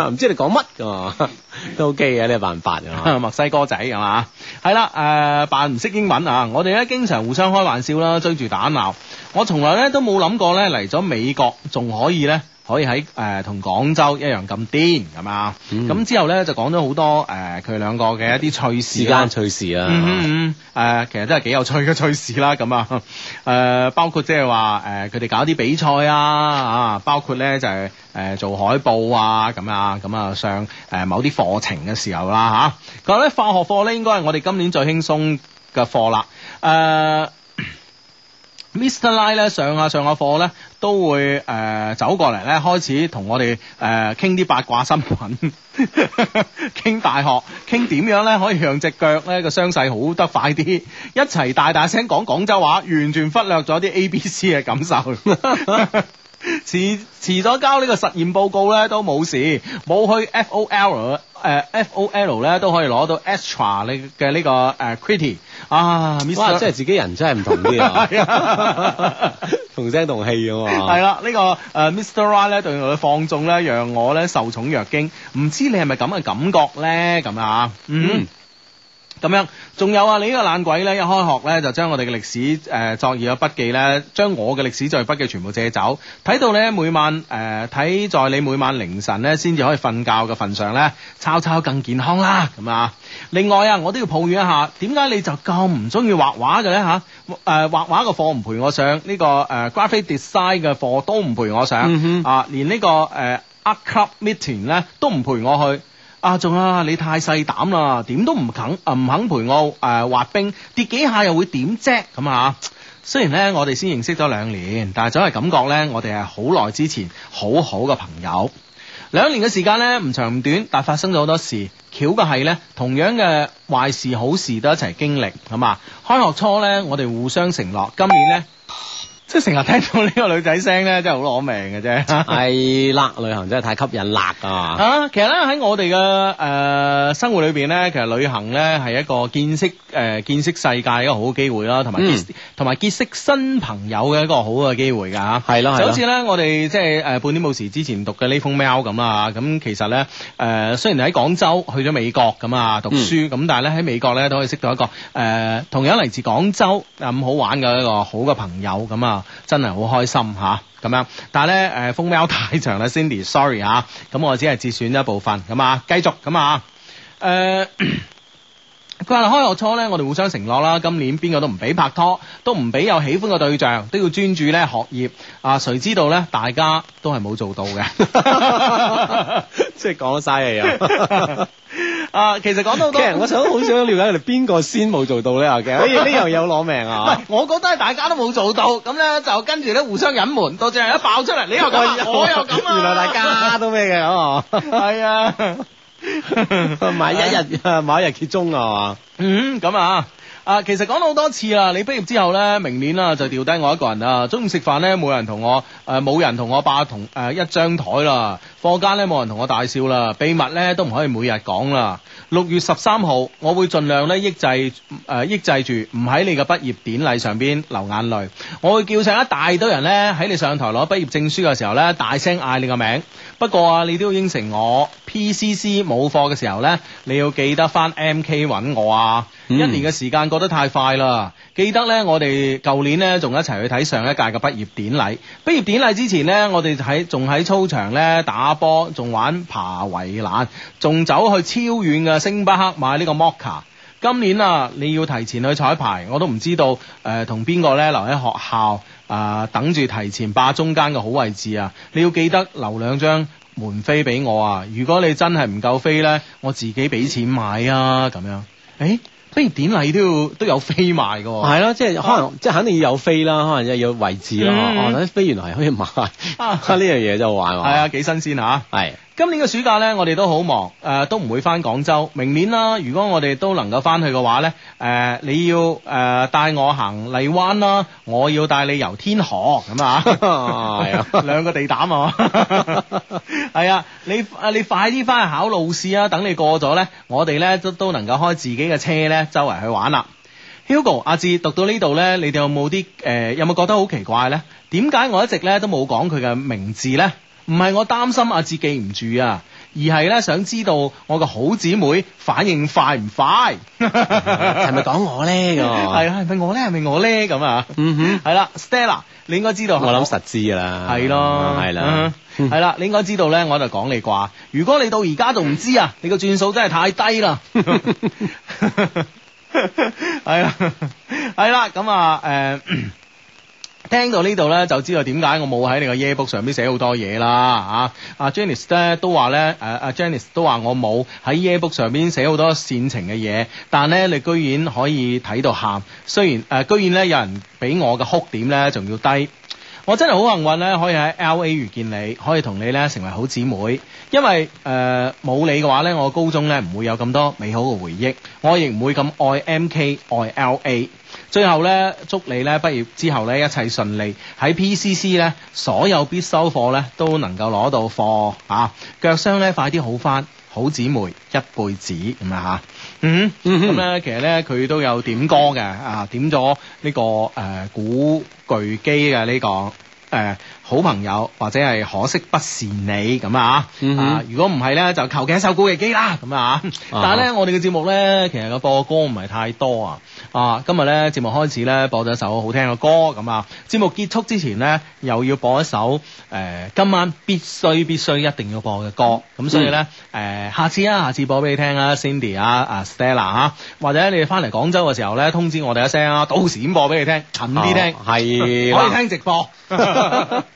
唔 知你講乜噶，都 OK 嘅呢個辦法，啊、 墨西哥仔係嘛？係、啊、啦，誒、啊、扮唔識英文啊！我哋咧經常互相開玩笑啦，追住打鬧。我從來咧都冇諗過咧嚟咗美國仲可以咧，可以喺誒同廣州一樣咁癲，咁啊？咁、嗯、之後咧就講咗好多誒佢兩個嘅一啲趣事，時間趣事啊！誒、啊嗯呃，其實都係幾有趣嘅趣事啦。咁啊，誒、啊呃，包括即係話誒佢哋搞啲比賽啊，啊，包括咧就係、是、誒、呃、做海報啊，咁啊，咁啊上誒、呃、某啲課程嘅時候啦、啊，吓、啊。咁咧化學課咧應該係我哋今年最輕鬆嘅課啦，誒、啊。啊 Mr. Lie 咧上下上下課咧，都會誒、呃、走過嚟咧，開始同我哋誒傾啲八卦新聞，傾 大學，傾點樣咧可以讓隻腳咧個傷勢好得快啲，一齊大大聲講廣州話，完全忽略咗啲 A B C 嘅感受。遲遲咗交呢個實驗報告咧都冇事，冇去 F O L 誒、呃、F O L 咧都可以攞到 extra 你嘅、這、呢個誒 critic。Uh, Crit i, 啊，Mr. 哇！真係自己人真係唔同啲啊， 同聲同氣啊， 係啦，呢個誒 Mr. Ryan 咧對我放縱咧，讓我咧受寵若驚，唔知你係咪咁嘅感覺咧？咁啊，嗯。咁樣仲有啊！你呢個懶鬼咧，一開學咧就將我哋嘅歷史誒、呃、作業嘅筆記咧，將我嘅歷史作業筆記全部借走，睇到咧每晚誒睇、呃、在你每晚凌晨咧先至可以瞓覺嘅份上咧，抄抄更健康啦咁啊！另外啊，我都要抱怨一下，點解你就咁唔中意畫畫嘅咧吓誒畫畫嘅課唔陪我上，呢、這個誒、呃、graphic design 嘅課都唔陪我上、嗯、哼啊，連呢、這個個誒、呃、club meeting 咧都唔陪我去。阿仲啊，你太細膽啦，點都唔肯，唔肯陪我誒滑冰，跌幾下又會點啫咁啊！雖然咧我哋先認識咗兩年，但係總係感覺咧我哋係好耐之前好好嘅朋友。兩年嘅時間咧唔長唔短，但係發生咗好多事。巧嘅係咧，同樣嘅壞事好事都一齊經歷，咁啊，開學初咧，我哋互相承諾，今年咧。即係成日聽到呢個女仔聲咧，真係好攞命嘅啫！係啦，旅行真係太吸引辣啊！吓，其實咧喺我哋嘅誒生活裏邊咧，其實旅行咧係一個見識誒、呃、見識世界一個好機會啦，同埋、嗯、結同埋結識新朋友嘅一個好嘅機會㗎嚇。係啦、嗯，啊、就好似咧，我哋即係誒半點冇時之前讀嘅呢封 mail 咁啊，咁其實咧誒、呃、雖然喺廣州去咗美國咁啊讀書咁、嗯、但係咧喺美國咧都可以識到一個誒、呃、同樣嚟自廣州咁、嗯、好玩嘅一個，一個好嘅朋友咁啊。真係好開心吓，咁、啊、樣，但係咧，誒、呃，封喵太長啦，Cindy，sorry 吓，咁、啊啊、我只係截選一部分，咁啊，繼續，咁啊，誒、呃，話開學初咧，我哋互相承諾啦，今年邊個都唔俾拍拖，都唔俾有喜歡嘅對象，都要專注咧學業啊，誰知道咧，大家都係冇做到嘅， 即係講晒嘢啊。啊，其實講到，多人，我想好 想了解你哋邊個先冇做到呢？啊，其實，所以呢樣嘢好攞命啊！唔係，我覺得係大家都冇做到，咁咧就跟住咧互相隱瞞，到最後一爆出嚟，你又咁、啊，哎、呦我又咁啊！原來大家 都咩嘅咁哦？係啊，唔、哎、係 一日，唔係 一日揭盅啊嘛？ 嗯，咁啊。其實講咗好多次啦，你畢業之後呢，明年啦就掉低我一個人啦。中午食飯呢，冇人同我、呃、同我誒，冇人同我霸同誒一張台啦。課間呢，冇人同我大笑啦。秘密呢，都唔可以每日講啦。六月十三號，我會盡量呢抑制誒、呃、抑制住，唔喺你嘅畢業典禮上邊流眼淚。我會叫醒一大堆人呢，喺你上台攞畢業證書嘅時候呢，大聲嗌你個名。不過啊，你都要應承我，PCC 冇貨嘅時候呢，你要記得返 MK 揾我啊！嗯、一年嘅時間過得太快啦，記得呢，我哋舊年呢，仲一齊去睇上一屆嘅畢業典禮。畢業典禮之前呢，我哋喺仲喺操場呢打波，仲玩爬圍欄，仲走去超遠嘅星巴克買呢個 mocha、ok。今年啊，你要提前去彩排，我都唔知道誒同邊個呢留喺學校。啊、呃！等住提前霸中間嘅好位置啊！你要記得留兩張門飛俾我啊！如果你真係唔夠飛咧，我自己俾錢買啊！咁樣，誒、欸，不如典禮都要都有飛賣㗎喎。係咯、啊，即係可能，啊、即係肯定要有飛啦，可能要有位置啦。哇、嗯！啲、啊、飛原來係可以買 啊！呢樣嘢就係好玩啊！係啊，幾新鮮嚇！係、啊。今年嘅暑假呢，我哋都好忙，誒、呃，都唔會翻廣州。明年啦，如果我哋都能夠翻去嘅話呢，誒、呃，你要誒、呃、帶我行荔灣啦，我要帶你遊天河，咁啊，兩 個地膽啊， 係 啊，你啊你快啲翻去考路試啊，等你過咗呢，我哋呢，都都能夠開自己嘅車呢，周圍去玩啦。Hugo，阿志讀到呢度呢，你哋有冇啲誒，有冇覺得好奇怪呢？點解我一直呢，都冇講佢嘅名字呢？唔係我擔心阿志記唔住啊，而係咧想知道我個好姊妹反應快唔快？係咪講我咧？咁係啊？係咪我咧？係咪我咧？咁啊？嗯哼，係啦，Stella，你應該知道，我諗實知噶啦，係咯，係啦，係啦，你應該知道咧，我就講你啩，如果你到而家仲唔知啊，你個轉數真係太低啦。係啦，係啦，咁啊，誒。聽到呢度呢，就知道點解我冇喺你個 yearbook 上面寫好多嘢啦嚇。阿、uh, Janice 咧都話咧，誒、uh, 阿 Janice 都話我冇喺 yearbook 上面寫好多煽情嘅嘢，但咧你居然可以睇到喊，雖然誒、uh, 居然咧有人比我嘅哭點呢，仲要低，我真係好幸運咧可以喺 LA 遇見你，可以同你呢成為好姊妹，因為誒冇、uh, 你嘅話呢，我高中呢唔會有咁多美好嘅回憶，我亦唔會咁愛 MK 愛 LA。最後咧，祝你咧畢業之後咧一切順利，喺 PCC 咧所有必修課咧都能夠攞到課啊！腳傷咧快啲好翻，好姊妹一輩子咁啊吓？嗯咁咧、嗯，其實咧佢都有點歌嘅啊，點咗呢、呢個誒、呃、古巨基嘅呢個誒、呃、好朋友或者係可惜不是你咁啊啊、嗯、哼啊，如果唔係咧就求其一首古巨基啦咁啊，啊，啊但係咧我哋嘅節目咧其實個播歌唔係太多啊。啊，今日咧節目開始咧播咗一首好聽嘅歌，咁啊，節目結束之前咧又要播一首誒、呃、今晚必須必須一定要播嘅歌，咁、嗯、所以咧誒、呃、下次啊，下次播俾你聽啊，Cindy 啊啊 Stella 啊，或者你哋翻嚟廣州嘅時候咧通知我哋一聲啊，到時播俾你聽，近啲聽，係、啊啊、可以聽直播。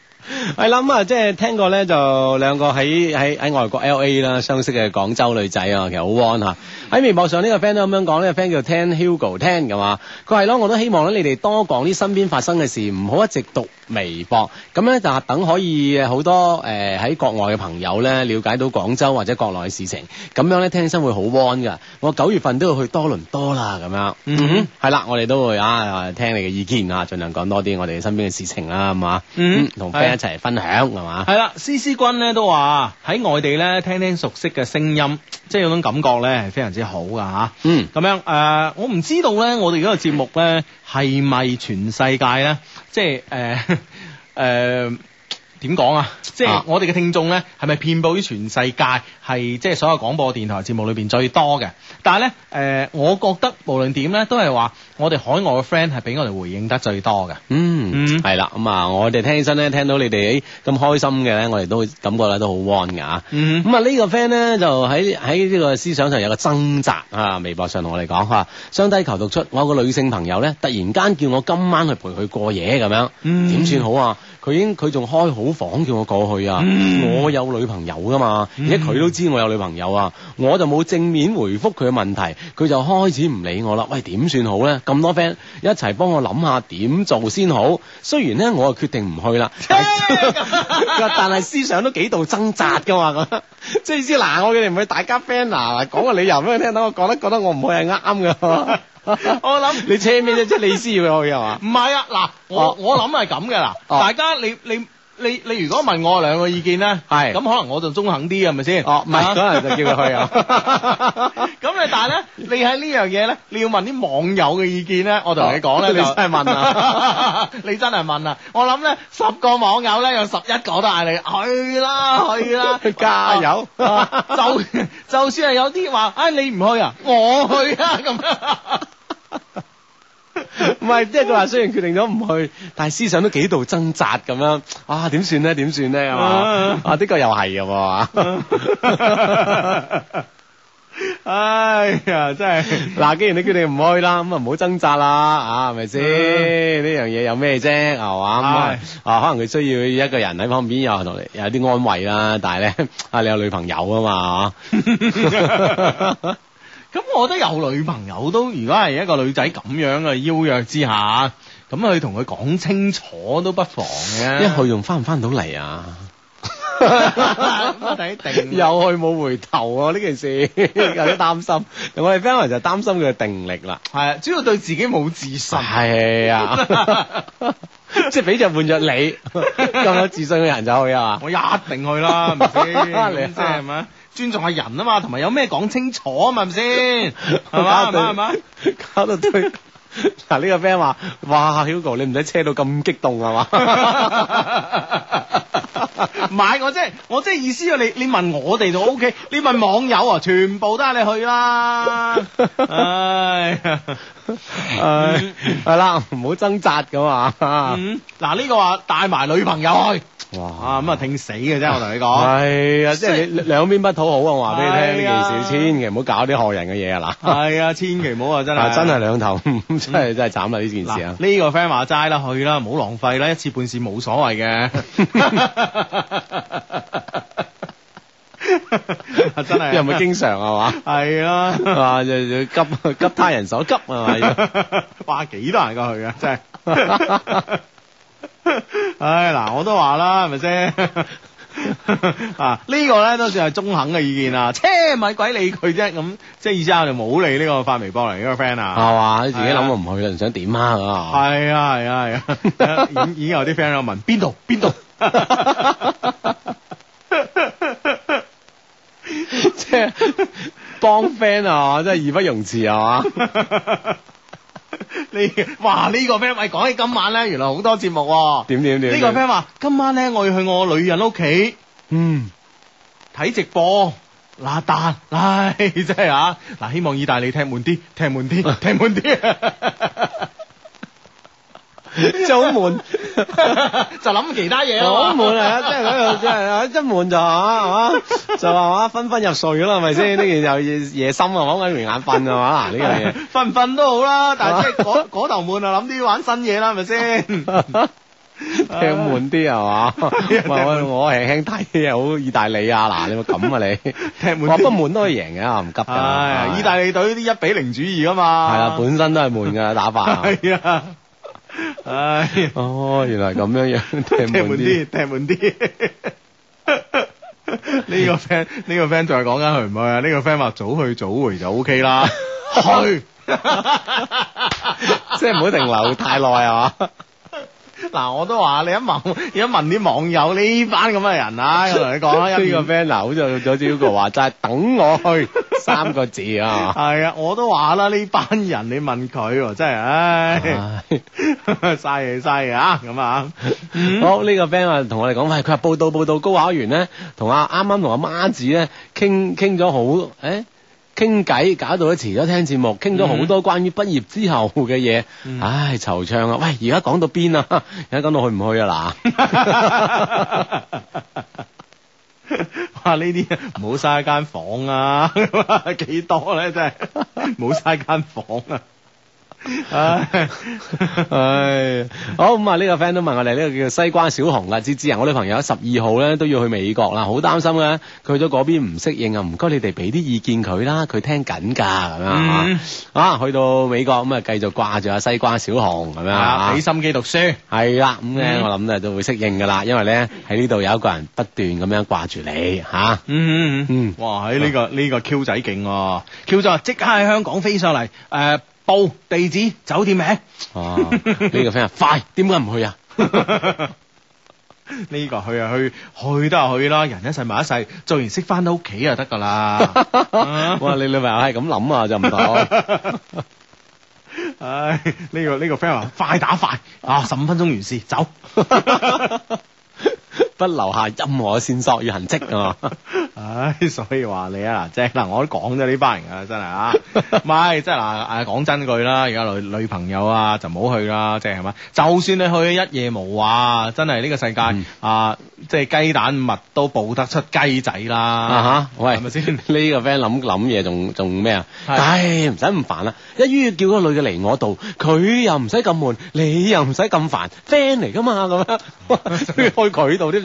我諗啊，即係聽過咧，就兩個喺喺喺外國 LA 啦相識嘅廣州女仔啊，其實好 warm 吓。喺微博上呢個 friend 都咁樣講，呢、這個 friend 叫 Ten Hugo Ten 嘅嘛。佢係咯，我都希望咧你哋多講啲身邊發生嘅事，唔好一直讀微博。咁咧就等可以好多誒喺、呃、國外嘅朋友咧了解到廣州或者國內嘅事情，咁樣咧聽起身會好 warm 噶。我九月份都要去多倫多啦，咁樣。Mm hmm. 嗯哼，係啦，我哋都會啊聽你嘅意見啊，盡量講多啲我哋身邊嘅事情啦，係嘛。Mm hmm. 嗯，同一齊分享係嘛，係啦。思思君咧都話喺外地咧聽聽熟悉嘅聲音，即係有種感覺咧係非常之好㗎吓。嗯，咁樣誒，我唔知道咧，我哋呢個節目咧係咪全世界咧，即係誒誒點講啊？即係我哋嘅聽眾咧係咪遍佈於全世界，係即係所有廣播電台節目裏邊最多嘅？但係咧誒，我覺得無論點咧，都係話。我哋海外嘅 friend 係俾我哋回應得最多嘅。嗯，嗯，係啦，咁啊，我哋聽起身咧，聽到你哋咁開心嘅咧，我哋都感覺咧都好 warm 嘅吓，咁啊呢個 friend 咧就喺喺呢個思想上有個掙扎啊，微博上同我哋講吓，相低求讀出，我有個女性朋友咧突然間叫我今晚去陪佢過夜咁樣，點、嗯、算好啊？佢已經，佢仲開好房叫我過去啊，嗯、我有女朋友噶嘛，嗯、而且佢都知我有女朋友啊，嗯、我就冇正面回覆佢嘅問題，佢就開始唔理我啦，喂，點算好咧？咁多 friend 一齊幫我諗下點做先好，雖然咧我就決定唔去啦，但係思想都幾度掙扎噶嘛，即係意思嗱，我哋唔去，大家 friend 嗱講個理由俾佢聽到，我覺得覺得我唔去係啱嘅。我諗你車咩啫，即係你死要去係嘛？唔係啊，嗱，我我諗係咁嘅嗱，大家你你。你你你你如果問我兩個意見咧，係咁是可能我就中肯啲係咪先？是是哦，唔係，咁可能就叫佢去啊。咁 你但係咧，你喺呢樣嘢咧，你要問啲網友嘅意見咧，我同你講咧，你真係問啊！ 你真係問啊！我諗咧，十個網友咧有十一個都嗌你去啦，去啦，去 加油。 就就算係有啲話，唉、哎，你唔去啊，我去啊咁樣。 唔係，即係佢話雖然決定咗唔去，但係思想都幾度掙扎咁樣。啊，點算咧？點算咧？係嘛？啊，啊啊的確又係噶。唉、啊 哎、呀，真係。嗱、啊，既然你決定唔去啦，咁啊唔好掙扎啦，啊係咪先？是是嗯、呢樣嘢有咩啫？係、啊、嘛、啊啊？啊，可能佢需要一個人喺旁邊有同有啲安慰啦。但係咧，啊你有女朋友啊嘛？啊 咁、嗯、我覺得有女朋友都，如果係一個女仔咁樣嘅邀約之下，咁去同佢講清楚都不妨嘅。一去仲翻唔翻到嚟啊？定定有去冇回頭啊？呢件事有啲擔心。 我哋 friend 就擔心佢嘅定力啦。係啊，主要對自己冇自信。係啊， 即係俾就換著你咁有自信嘅人就去啊。我一定去啦，唔知邊啫係咪？ 尊重下人啊嘛，同埋有咩講清楚啊嘛，係咪先？係嘛，係嘛，係嘛，搞到推。 嗱呢個 friend 話，哇，Hugo 你唔使車到咁激動啊嘛？唔係我即係我即係意思啊！你你問我哋就 OK，你問網友啊，全部都係你去啦。唉，係啦，唔好掙扎噶嘛。嗱呢個話帶埋女朋友去，哇咁啊挺死嘅啫。我同你講。係啊，即係你兩邊不討好啊！我話俾你聽呢件事，千祈唔好搞啲害人嘅嘢啊！嗱，係啊，千祈唔好啊！真係真係兩頭嗯、真係真係慘啦，呢件事啊！呢個 friend 話齋啦，去啦，唔好浪費啦，一次半次冇所謂嘅。 真係、啊、有冇係經常係嘛？係啊， 啊 急急他人所急啊嘛！話， 幾多人過去啊！真係。唉、 哎，嗱，我都話啦，係咪先？ 啊！這個、呢個咧都算係中肯嘅意見啊，車咪鬼理佢啫，咁即係意思我哋冇理呢個發微博嚟呢個 friend 啊，係嘛吧，吧你自己諗我唔去啦，你吧想點啊？係啊係啊係啊，啊啊啊 已經已經有啲 friend 喺度問邊度邊度，即係幫 friend 啊，真係義不容辭啊！ 你 哇呢、呢個 friend 喂講起今晚咧，原來好多節目喎、哦。點點點呢個 friend 話今晚咧，我要去我女人屋企。嗯，睇直播，嗱但，唉真係啊，嗱，希望意大利踢滿啲，踢滿啲，踢滿啲。 即係好悶，就諗其他嘢。好悶啊！即係嗰樣，即係一悶就係嘛，係嘛，就係嘛，昏昏入睡啦，係咪先？呢件又夜夜深啊，講緊明眼瞓啊嘛？嗱呢樣嘢瞓唔瞓都好啦，但係即係嗰嗰頭悶啊，諗啲玩新嘢啦，係咪先？踢悶啲係嘛？我我輕輕睇啊，好意大利啊嗱，你咪咁啊你？踢悶，我不悶都可以贏嘅，唔急嘅。意大利隊啲一比零主義啊嘛。係啊，本身都係悶嘅打法。係啊。唉，哎、哦，原來咁樣樣，踢滿啲，踢滿啲。呢 個 friend 呢 個 friend 再講緊去唔去啊？呢個 friend 話早去早回就 O K 啦，去，即係唔好停留太耐啊嘛。嗱、啊，我都話你一問，一問啲網友呢班咁嘅人啊，我同你講啦，呢個 friend 啊，好在早知個話就係等我去三個字啊，係啊， 我都話啦，呢班人你問佢真係唉、哎哎， 曬嘅曬嘅啊咁啊， 嗯、好呢、呢個 friend 啊，同我哋講返，佢話報到報到，高考完咧，同阿啱啱同阿媽子咧傾傾咗好誒。欸傾偈搞到咧，遲咗聽節目，傾咗好多關於畢業之後嘅嘢，嗯、唉惆悵、呃呃呃呃、 啊！喂，而家講到邊啊？而家講到去唔去啊？嗱，哇！呢啲唔好嘥間房啊，幾多咧真係，冇晒嘥間房啊！唉唉、 哎， 好咁啊！呢個 friend 都問我哋呢、這個叫西瓜小紅啦，芝芝啊，我女朋友十二號咧都要去美國啦，好擔心啊，佢去咗嗰邊唔適應啊，唔該你哋俾啲意見佢啦，佢聽緊噶咁樣啊，去到美國咁啊，繼續掛住阿西瓜小紅咁樣啊，俾心機讀書係啦，咁咧、啊嗯、我諗咧就會適應噶啦，因為咧喺呢度有一個人不斷咁樣掛住你吓，啊、嗯嗯，嗯哇！喺、這、呢個呢、這個 Q 仔勁喎、啊，Q 仔即刻喺香港飛上嚟誒～、呃報地址、酒店名。哦、 啊，呢、這個 friend 快，點解唔去啊？呢、 這個去啊去去都係去啦，人一世埋一世，做完識翻到屋企啊得噶啦。 哇，你女朋友係咁諗啊就唔同。唉，呢個呢個 friend 話快打快啊，十五分鐘完事，走。 不留下任何線索與痕跡啊！唉，所以話你啊，即係嗱，我都講咗呢班人啊，真係啊，唔係即係嗱，啊、講真句啦，而家女女朋友啊，就唔好去啦，即係係嘛，就算你去一夜無話，真係呢個世界、嗯、啊，即係雞蛋物都報得出雞仔啦，吓、啊哈，是是喂，係咪先？呢個 friend 諗諗嘢仲仲咩啊？唉，唔使咁煩啦，一於叫個女嘅嚟我度，佢又唔使咁悶，你又唔使咁煩，friend 嚟噶嘛，咁樣他去佢度啲。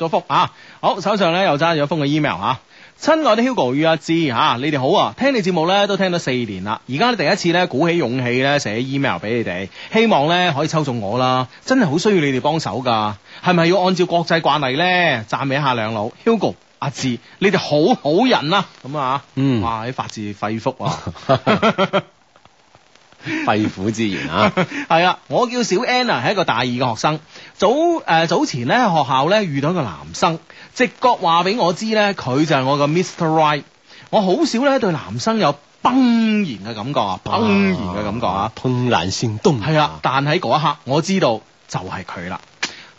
咗封啊！好手上咧又揸住一封嘅 email 啊！親愛的 Hugo 與阿志吓、啊，你哋好啊！聽你節目咧都聽咗四年啦，而家第一次咧鼓起勇氣咧寫 email 俾你哋，希望咧可以抽中我啦！真係好需要你哋幫手噶，係咪要按照國際慣例咧讚美一下兩老 Hugo 阿志，你哋好好人啊！咁啊，嗯，哇，發自肺腑啊，肺腑之言啊！係 啊，我叫小 Anna 係一個大二嘅學生。早誒、呃、早前咧，學校咧遇到一個男生，直覺話俾我知咧，佢就係我個 Mr. Right，我好少咧對男生有崩然嘅感，感覺啊，崩然嘅感覺啊，怦然心動。係啊，但喺嗰一刻我知道就係佢啦。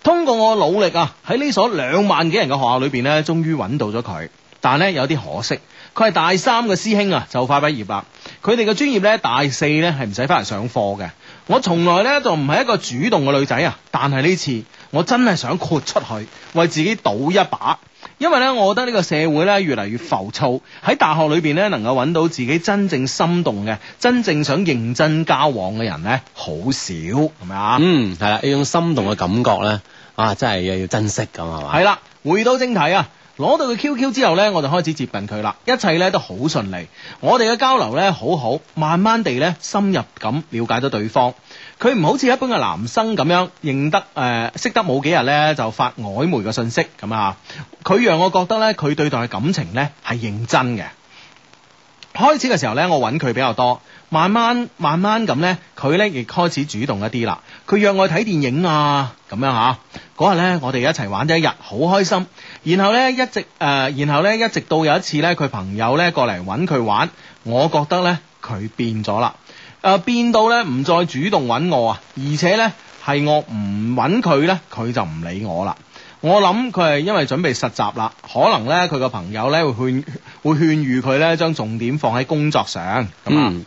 通過我努力啊，喺呢所兩萬幾人嘅學校裏邊咧，終於揾到咗佢。但係咧有啲可惜，佢係大三嘅師兄啊，就快畢業啦。佢哋嘅專業咧，大四咧係唔使翻嚟上課嘅。我從來咧就唔係一個主動嘅女仔啊，但係呢次我真係想豁出去，為自己賭一把。因為咧，我覺得呢個社會咧越嚟越浮躁，喺大學裏邊咧能夠揾到自己真正心動嘅、真正想認真交往嘅人咧，好少，係咪啊？嗯，係啦，呢種心動嘅感覺咧啊，真係要要珍惜咁係嘛。係啦，回到正題啊。攞到佢 QQ 之後呢，我就開始接近佢啦，一切呢都好順利。我哋嘅交流呢，好好，慢慢地呢，深入咁了解咗對方。佢唔好似一般嘅男生咁樣認得誒，識、呃、得冇幾日呢，就發曖昧嘅信息咁啊。佢讓我覺得呢，佢對待感情呢係認真嘅。開始嘅時候呢，我揾佢比較多，慢慢慢慢咁呢，佢呢亦開始主動一啲啦。佢約我睇電影啊，咁樣啊，嗰日呢，我哋一齊玩咗一日，好開心。然後咧，一直誒、呃，然後咧，一直到有一次咧，佢朋友咧過嚟揾佢玩，我覺得咧佢變咗啦，誒、呃、變到咧唔再主動揾我啊，而且咧係我唔揾佢咧，佢就唔理我啦。我諗佢係因為準備實習啦，可能咧佢個朋友咧會勸會勸喻佢咧，將重點放喺工作上咁啊。嗯、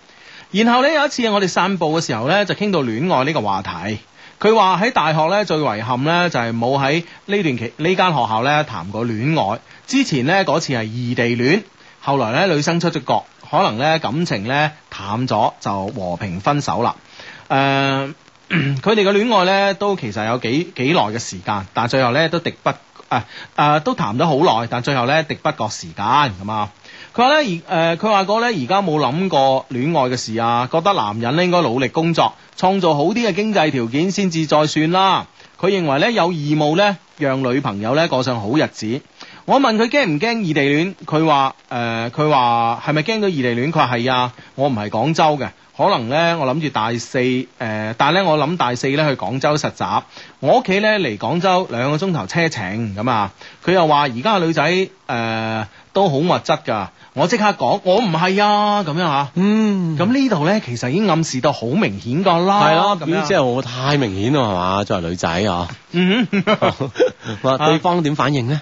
然後咧有一次我哋散步嘅時候咧，就傾到戀愛呢個話題。佢話喺大學咧最遺憾咧就係冇喺呢段期呢間學校咧談過戀愛。之前咧嗰次係異地戀，後來咧女生出咗國，可能咧感情咧淡咗就和平分手啦。誒、呃，佢哋嘅戀愛咧都其實有幾幾耐嘅時間，但最後咧都敵不啊啊、呃、都談咗好耐，但最後咧敵不過時間咁啊。佢話咧，而誒佢話過咧，而家冇諗過戀愛嘅事啊，覺得男人咧應該努力工作，創造好啲嘅經濟條件先至再算啦。佢認為咧有義務咧，讓女朋友咧過上好日子。我問佢驚唔驚異地戀，佢話誒佢話係咪驚到異地戀？佢話係啊，我唔係廣州嘅，可能咧我諗住大四誒、呃，但係咧我諗大四咧去廣州實習，我屋企咧離廣州兩個鐘頭車程咁啊。佢又話而家嘅女仔誒、呃、都好物質㗎。我即刻講，我唔係啊，咁樣吓、啊，嗯，咁呢度咧，其實已經暗示到好明顯噶啦，係咯、啊，咁、啊、即係我太明顯咯，係嘛，作為女仔啊，嗯， 對方點反應咧？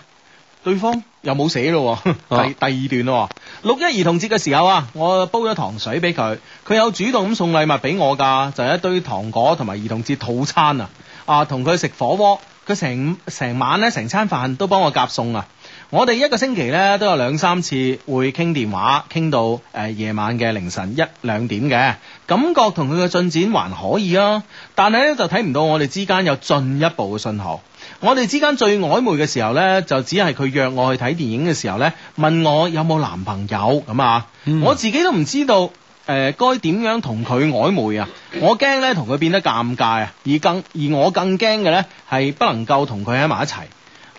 對方又冇寫咯，第 第二段咯、啊，六一兒童節嘅時候啊，我煲咗糖水俾佢，佢有主動送禮物俾我噶，就係、是、一堆糖果同埋兒童節套餐啊，啊，同佢食火鍋，佢成成晚咧，成餐飯都幫我夾餸啊。我哋一個星期咧都有兩三次會傾電話，傾到誒、呃、夜晚嘅凌晨一兩點嘅感覺，同佢嘅進展還可以啊。但係咧就睇唔到我哋之間有進一步嘅信號。我哋之間最曖昧嘅時候咧，就只係佢約我去睇電影嘅時候咧，問我有冇男朋友咁啊。嗯、我自己都唔知道誒該點樣同佢曖昧啊。我驚咧同佢變得尷尬啊，而更而我更驚嘅咧係不能夠同佢喺埋一齊。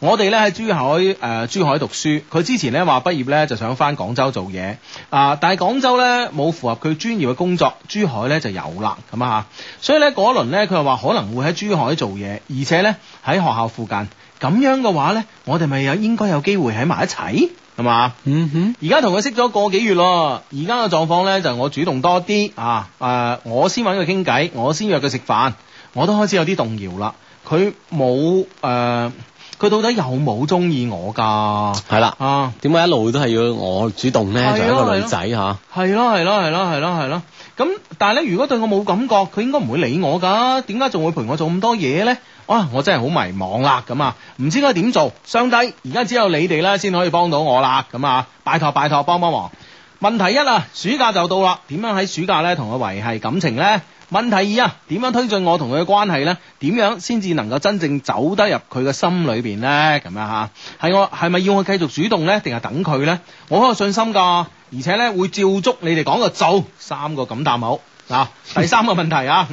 我哋咧喺珠海，誒、呃、珠海讀書。佢之前咧話畢業咧就想翻廣州做嘢啊，但係廣州咧冇符合佢專業嘅工作，珠海咧就有啦咁啊。所以咧嗰輪咧，佢話可能會喺珠海做嘢，而且咧喺學校附近。咁樣嘅話咧，我哋咪有應該有機會喺埋一齊係嘛？嗯哼。而家同佢識咗個幾月咯，而家嘅狀況咧就係我主動多啲啊，誒、呃、我先揾佢傾偈，我先約佢食飯，我都開始有啲動搖啦。佢冇誒。呃呃佢到底有冇中意我噶？係啦了，啊，點解一路都係要我主動咧？就、啊、一個女仔吓，係咯係咯係咯係咯係咯。咁但係咧，如果對我冇感覺，佢應該唔會理我噶。點解仲會陪我做咁多嘢咧？哇、啊，我真係好迷茫啦。咁啊，唔知該點做，上帝，而家只有你哋咧先可以幫到我啦。咁啊，拜託拜託，幫幫忙。問題一啦，暑假就到啦，點樣喺暑假咧同佢維繫感情咧？問題二啊，點樣推進我同佢嘅關係咧？點樣先至能夠真正走得入佢嘅心裏面咧？咁樣吓，係我係咪要我繼續主動咧，定係等佢咧？我好有信心噶而且咧會照足你哋講嘅做。三個感嘆號。好，嗱，第三個問題啊，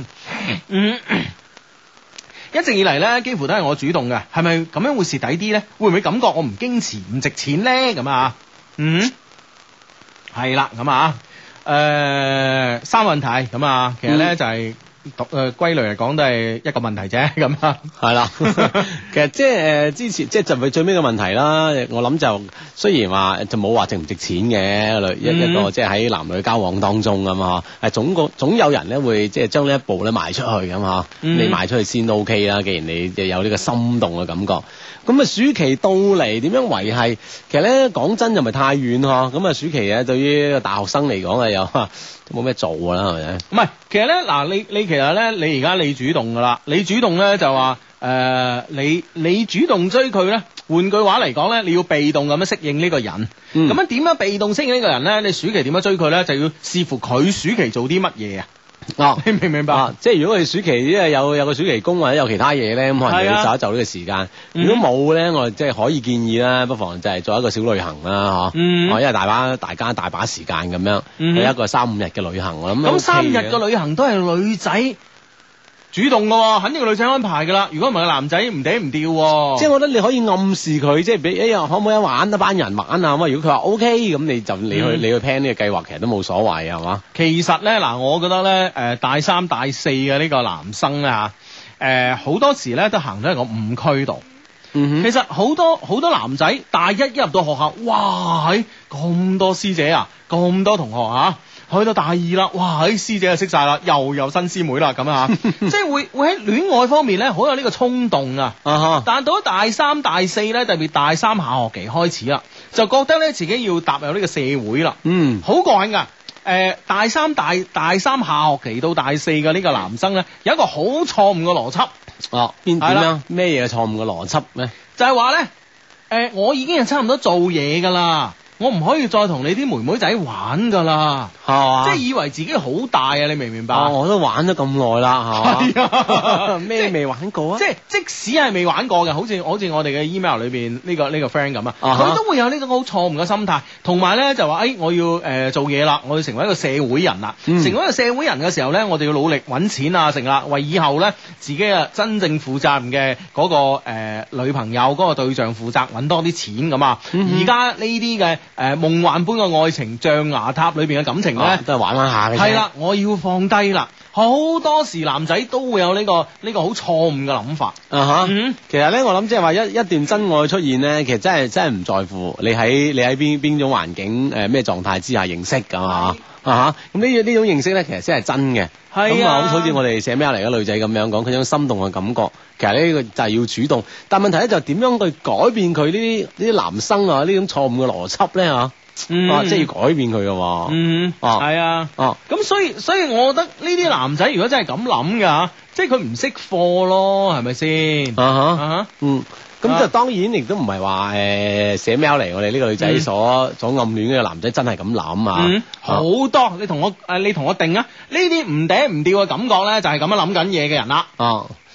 嗯， 一直以嚟咧幾乎都係我主動嘅，係咪咁樣會蝕底啲咧？會唔會感覺我唔矜持唔值錢咧？咁啊，嗯。係啦，咁啊，誒、呃，三問題咁啊，其實咧、嗯、就係讀誒歸類嚟講都係一個問題啫，咁啊了，係啦，其實即係誒之前即係就係、是呃就是、最尾個問題啦。我諗就雖然話就冇話值唔值錢嘅，一、嗯、一個即係喺男女交往當中咁啊，係總個總有人咧會即係將呢一步咧賣出去咁啊，嗯、你賣出去先 O K 啦，既然你就有呢個心動嘅感覺。咁啊，暑期到嚟，點樣維繫？其實咧，講真又唔係太遠呵。咁啊，暑期啊，對於大學生嚟講啊，又冇咩做啦，係咪？唔係，其實咧，嗱，你你其實咧，你而家你主動噶啦，你主動咧就話誒、呃，你你主動追佢咧，換句話嚟講咧，你要被動咁樣適應呢個人。咁樣點樣被動適應呢個人咧？你暑期點樣追佢咧？就要視乎佢暑期做啲乜嘢啊！哦， 你明唔明白？哦，即係如果係暑期，即係有有個暑期工或者有其他嘢咧，咁可能就要就一就呢個時間。啊，如果冇咧，我即係可以建議啦，不妨就係做一個小旅行啦，嗬，哦。嗯。哦，因為大把大家大把時間咁樣，去，嗯，一個三五日嘅旅行，我諗。咁三日嘅旅行都係女仔。主動嘅喎、啊，肯定個女仔安排嘅啦。如果唔係個男仔唔嗲唔吊喎。即係我覺得你可以暗示佢，即係俾哎呀，可唔可以玩一班人玩啊？咁啊，如果佢話 O K，咁你就、嗯、你去你去聽呢個計劃，其實都冇所謂啊，係嘛？其實咧嗱，我覺得咧誒、呃、大三大四嘅呢個男生咧嚇誒好多時咧都行咗一個誤區度。嗯、哼其實好多好多男仔大一一入到學校，哇咁多師姐啊，咁多同學嚇。啊去到大二啦，哇！啲師姐就識晒啦，又有新師妹啦，咁啊， 即係會會喺戀愛方面咧，好有呢個衝動啊！啊哈但到咗大三、大四咧，特別大三下學期開始啦，就覺得咧自己要踏入呢個社會啦。嗯，好過癮噶。誒、呃，大三大大三下學期到大四嘅呢個男生咧，有一個好錯誤嘅邏輯。哦，邊點啊？咩嘢錯誤嘅邏輯咧？呢就係話咧，誒、呃，我已經係差唔多做嘢噶啦。我唔可以再同你啲妹妹仔玩噶啦，啊、即係以為自己好大啊！你明唔明白？我都玩咗咁耐啦，係嘛？咩未玩過啊？即係即使係未玩過嘅，好似好似我哋嘅 email 裏邊呢、呢個呢、呢個 friend 咁啊哈，佢都會有呢種好錯誤嘅心態。同埋呢，就話，哎，我要誒、呃、做嘢啦，我要成為一個社會人啦。嗯、成為一個社會人嘅時候呢，我哋要努力揾錢啊，成啦，為以後呢，自己啊真正負責任嘅嗰個、呃、女朋友嗰個對象負責，揾多啲錢咁啊。而家呢啲嘅。誒，夢幻般嘅愛情象牙塔裏邊嘅感情咧、啊，都係玩玩下。係啦，我要放低啦。好多時男仔都會有呢個呢個好錯誤嘅諗法啊吓，uh huh. 嗯、其實咧我諗即係話一一段真愛出現咧，其實真係真係唔在乎你喺你喺邊邊種環境誒咩狀態之下認識噶嘛啊吓，咁呢呢種認識咧其實先係真嘅。係咁啊，好似我哋寫咩嚟嘅女仔咁樣講，佢種心動嘅感覺，其實呢個就係要主動。但係問題咧就係點樣去改變佢呢啲呢啲男生啊呢種錯誤嘅邏輯咧啊？嗯，啊、即係要改變佢嘅嘛，嗯、哼啊，係啊，啊，咁所以所以我覺得呢啲男仔如果真係咁諗嘅，即係佢唔識貨咯，係咪先？啊哈，啊哈，嗯，咁就當然亦都唔係話誒寫 mail 嚟，我哋呢個女仔所所暗戀嘅男仔真係咁諗啊，嗯、好多，你同我誒你同我定不丟不丟啊，呢啲唔嗲唔吊嘅感覺咧就係咁樣諗緊嘢嘅人啦。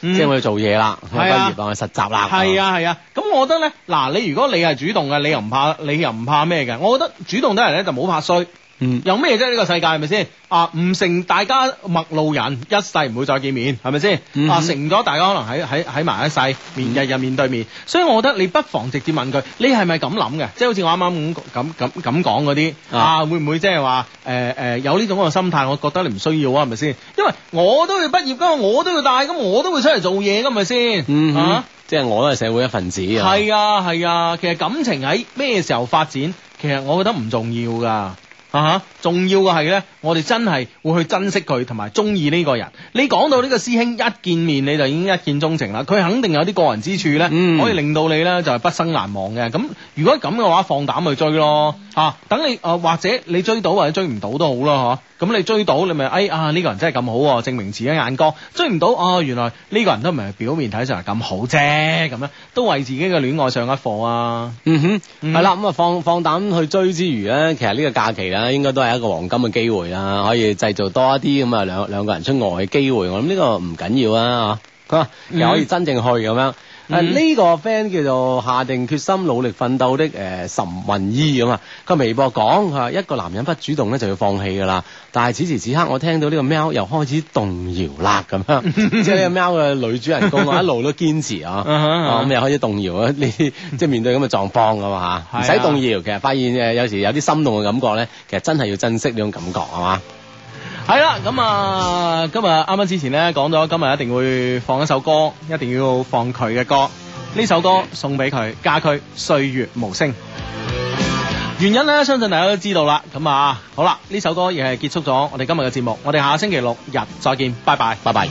嗯、即係去做嘢啦，喺畢業當係實習啦。係啊係啊，咁我覺得咧，嗱，你如果你係主動嘅，你又唔怕，你又唔怕咩嘅？我覺得主動得人咧就冇怕衰。嗯，有咩啫？呢、呢個世界係咪先啊？唔成，大家陌路人，一世唔會再見面，係咪先啊？成咗，大家可能喺喺喺埋一世面，嗯、日日面對面。所以我覺得你不妨直接問佢，你係咪咁諗嘅？即係好似我啱啱咁咁咁講嗰啲啊，會唔會即係話誒誒有呢種嘅心態？我覺得你唔需要啊，係咪先？因為我都會畢業，咁我都會帶，咁我都會出嚟做嘢，噶咪先吓？即係我都係社會一份子啊！係啊係啊，其實感情喺咩時候發展，其實我覺得唔重要噶。啊哈！重要嘅係咧，我哋真係會去珍惜佢，同埋中意呢個人。你講到呢個師兄，一見面你就已經一見鍾情啦，佢肯定有啲過人之處咧，嗯、可以令到你咧就係、是、畢生難忘嘅。咁如果咁嘅話，放膽去追咯，吓、啊、等你啊、呃，或者你追到或者追唔到都好啦，吓。咁你追到，你咪哎啊呢、這個人真係咁好、啊，證明自己眼光追唔到，哦原來呢個人都唔係表面睇上係咁好啫、啊，咁樣都為自己嘅戀愛上一課啊。嗯哼，係、嗯、啦，咁啊放放膽去追之餘咧，其實呢個假期咧，應該都係一個黃金嘅機會啦，可以製造多一啲咁啊兩兩個人出外嘅機會。我諗呢個唔緊要啊，吓，佢又可以真正去咁、嗯、樣。啊！呢、嗯、個 friend 叫做下定決心努力奮鬥的誒岑雲依」。咁啊，佢微博講，佢話一個男人不主動咧就要放棄噶啦。但係此時此刻，我聽到呢個喵又開始動搖啦，咁樣、啊、 即係呢個喵嘅女主人公一路都堅持 啊，咁、啊啊啊、又開始動搖啊。你即係面對咁嘅狀況咁啊嚇，唔使 動搖。其實發現誒有時有啲心動嘅感覺咧，其實真係要珍惜呢種感覺係嘛？係啦，咁啊，今日啱啱之前咧講咗今日一定會放一首歌，一定要放佢嘅歌，呢首歌送俾佢，家駒歲月無聲。原因咧，相信大家都知道啦。咁啊，好啦，呢首歌亦係結束咗我哋今日嘅節目，我哋下個星期六日再見，拜拜，拜拜。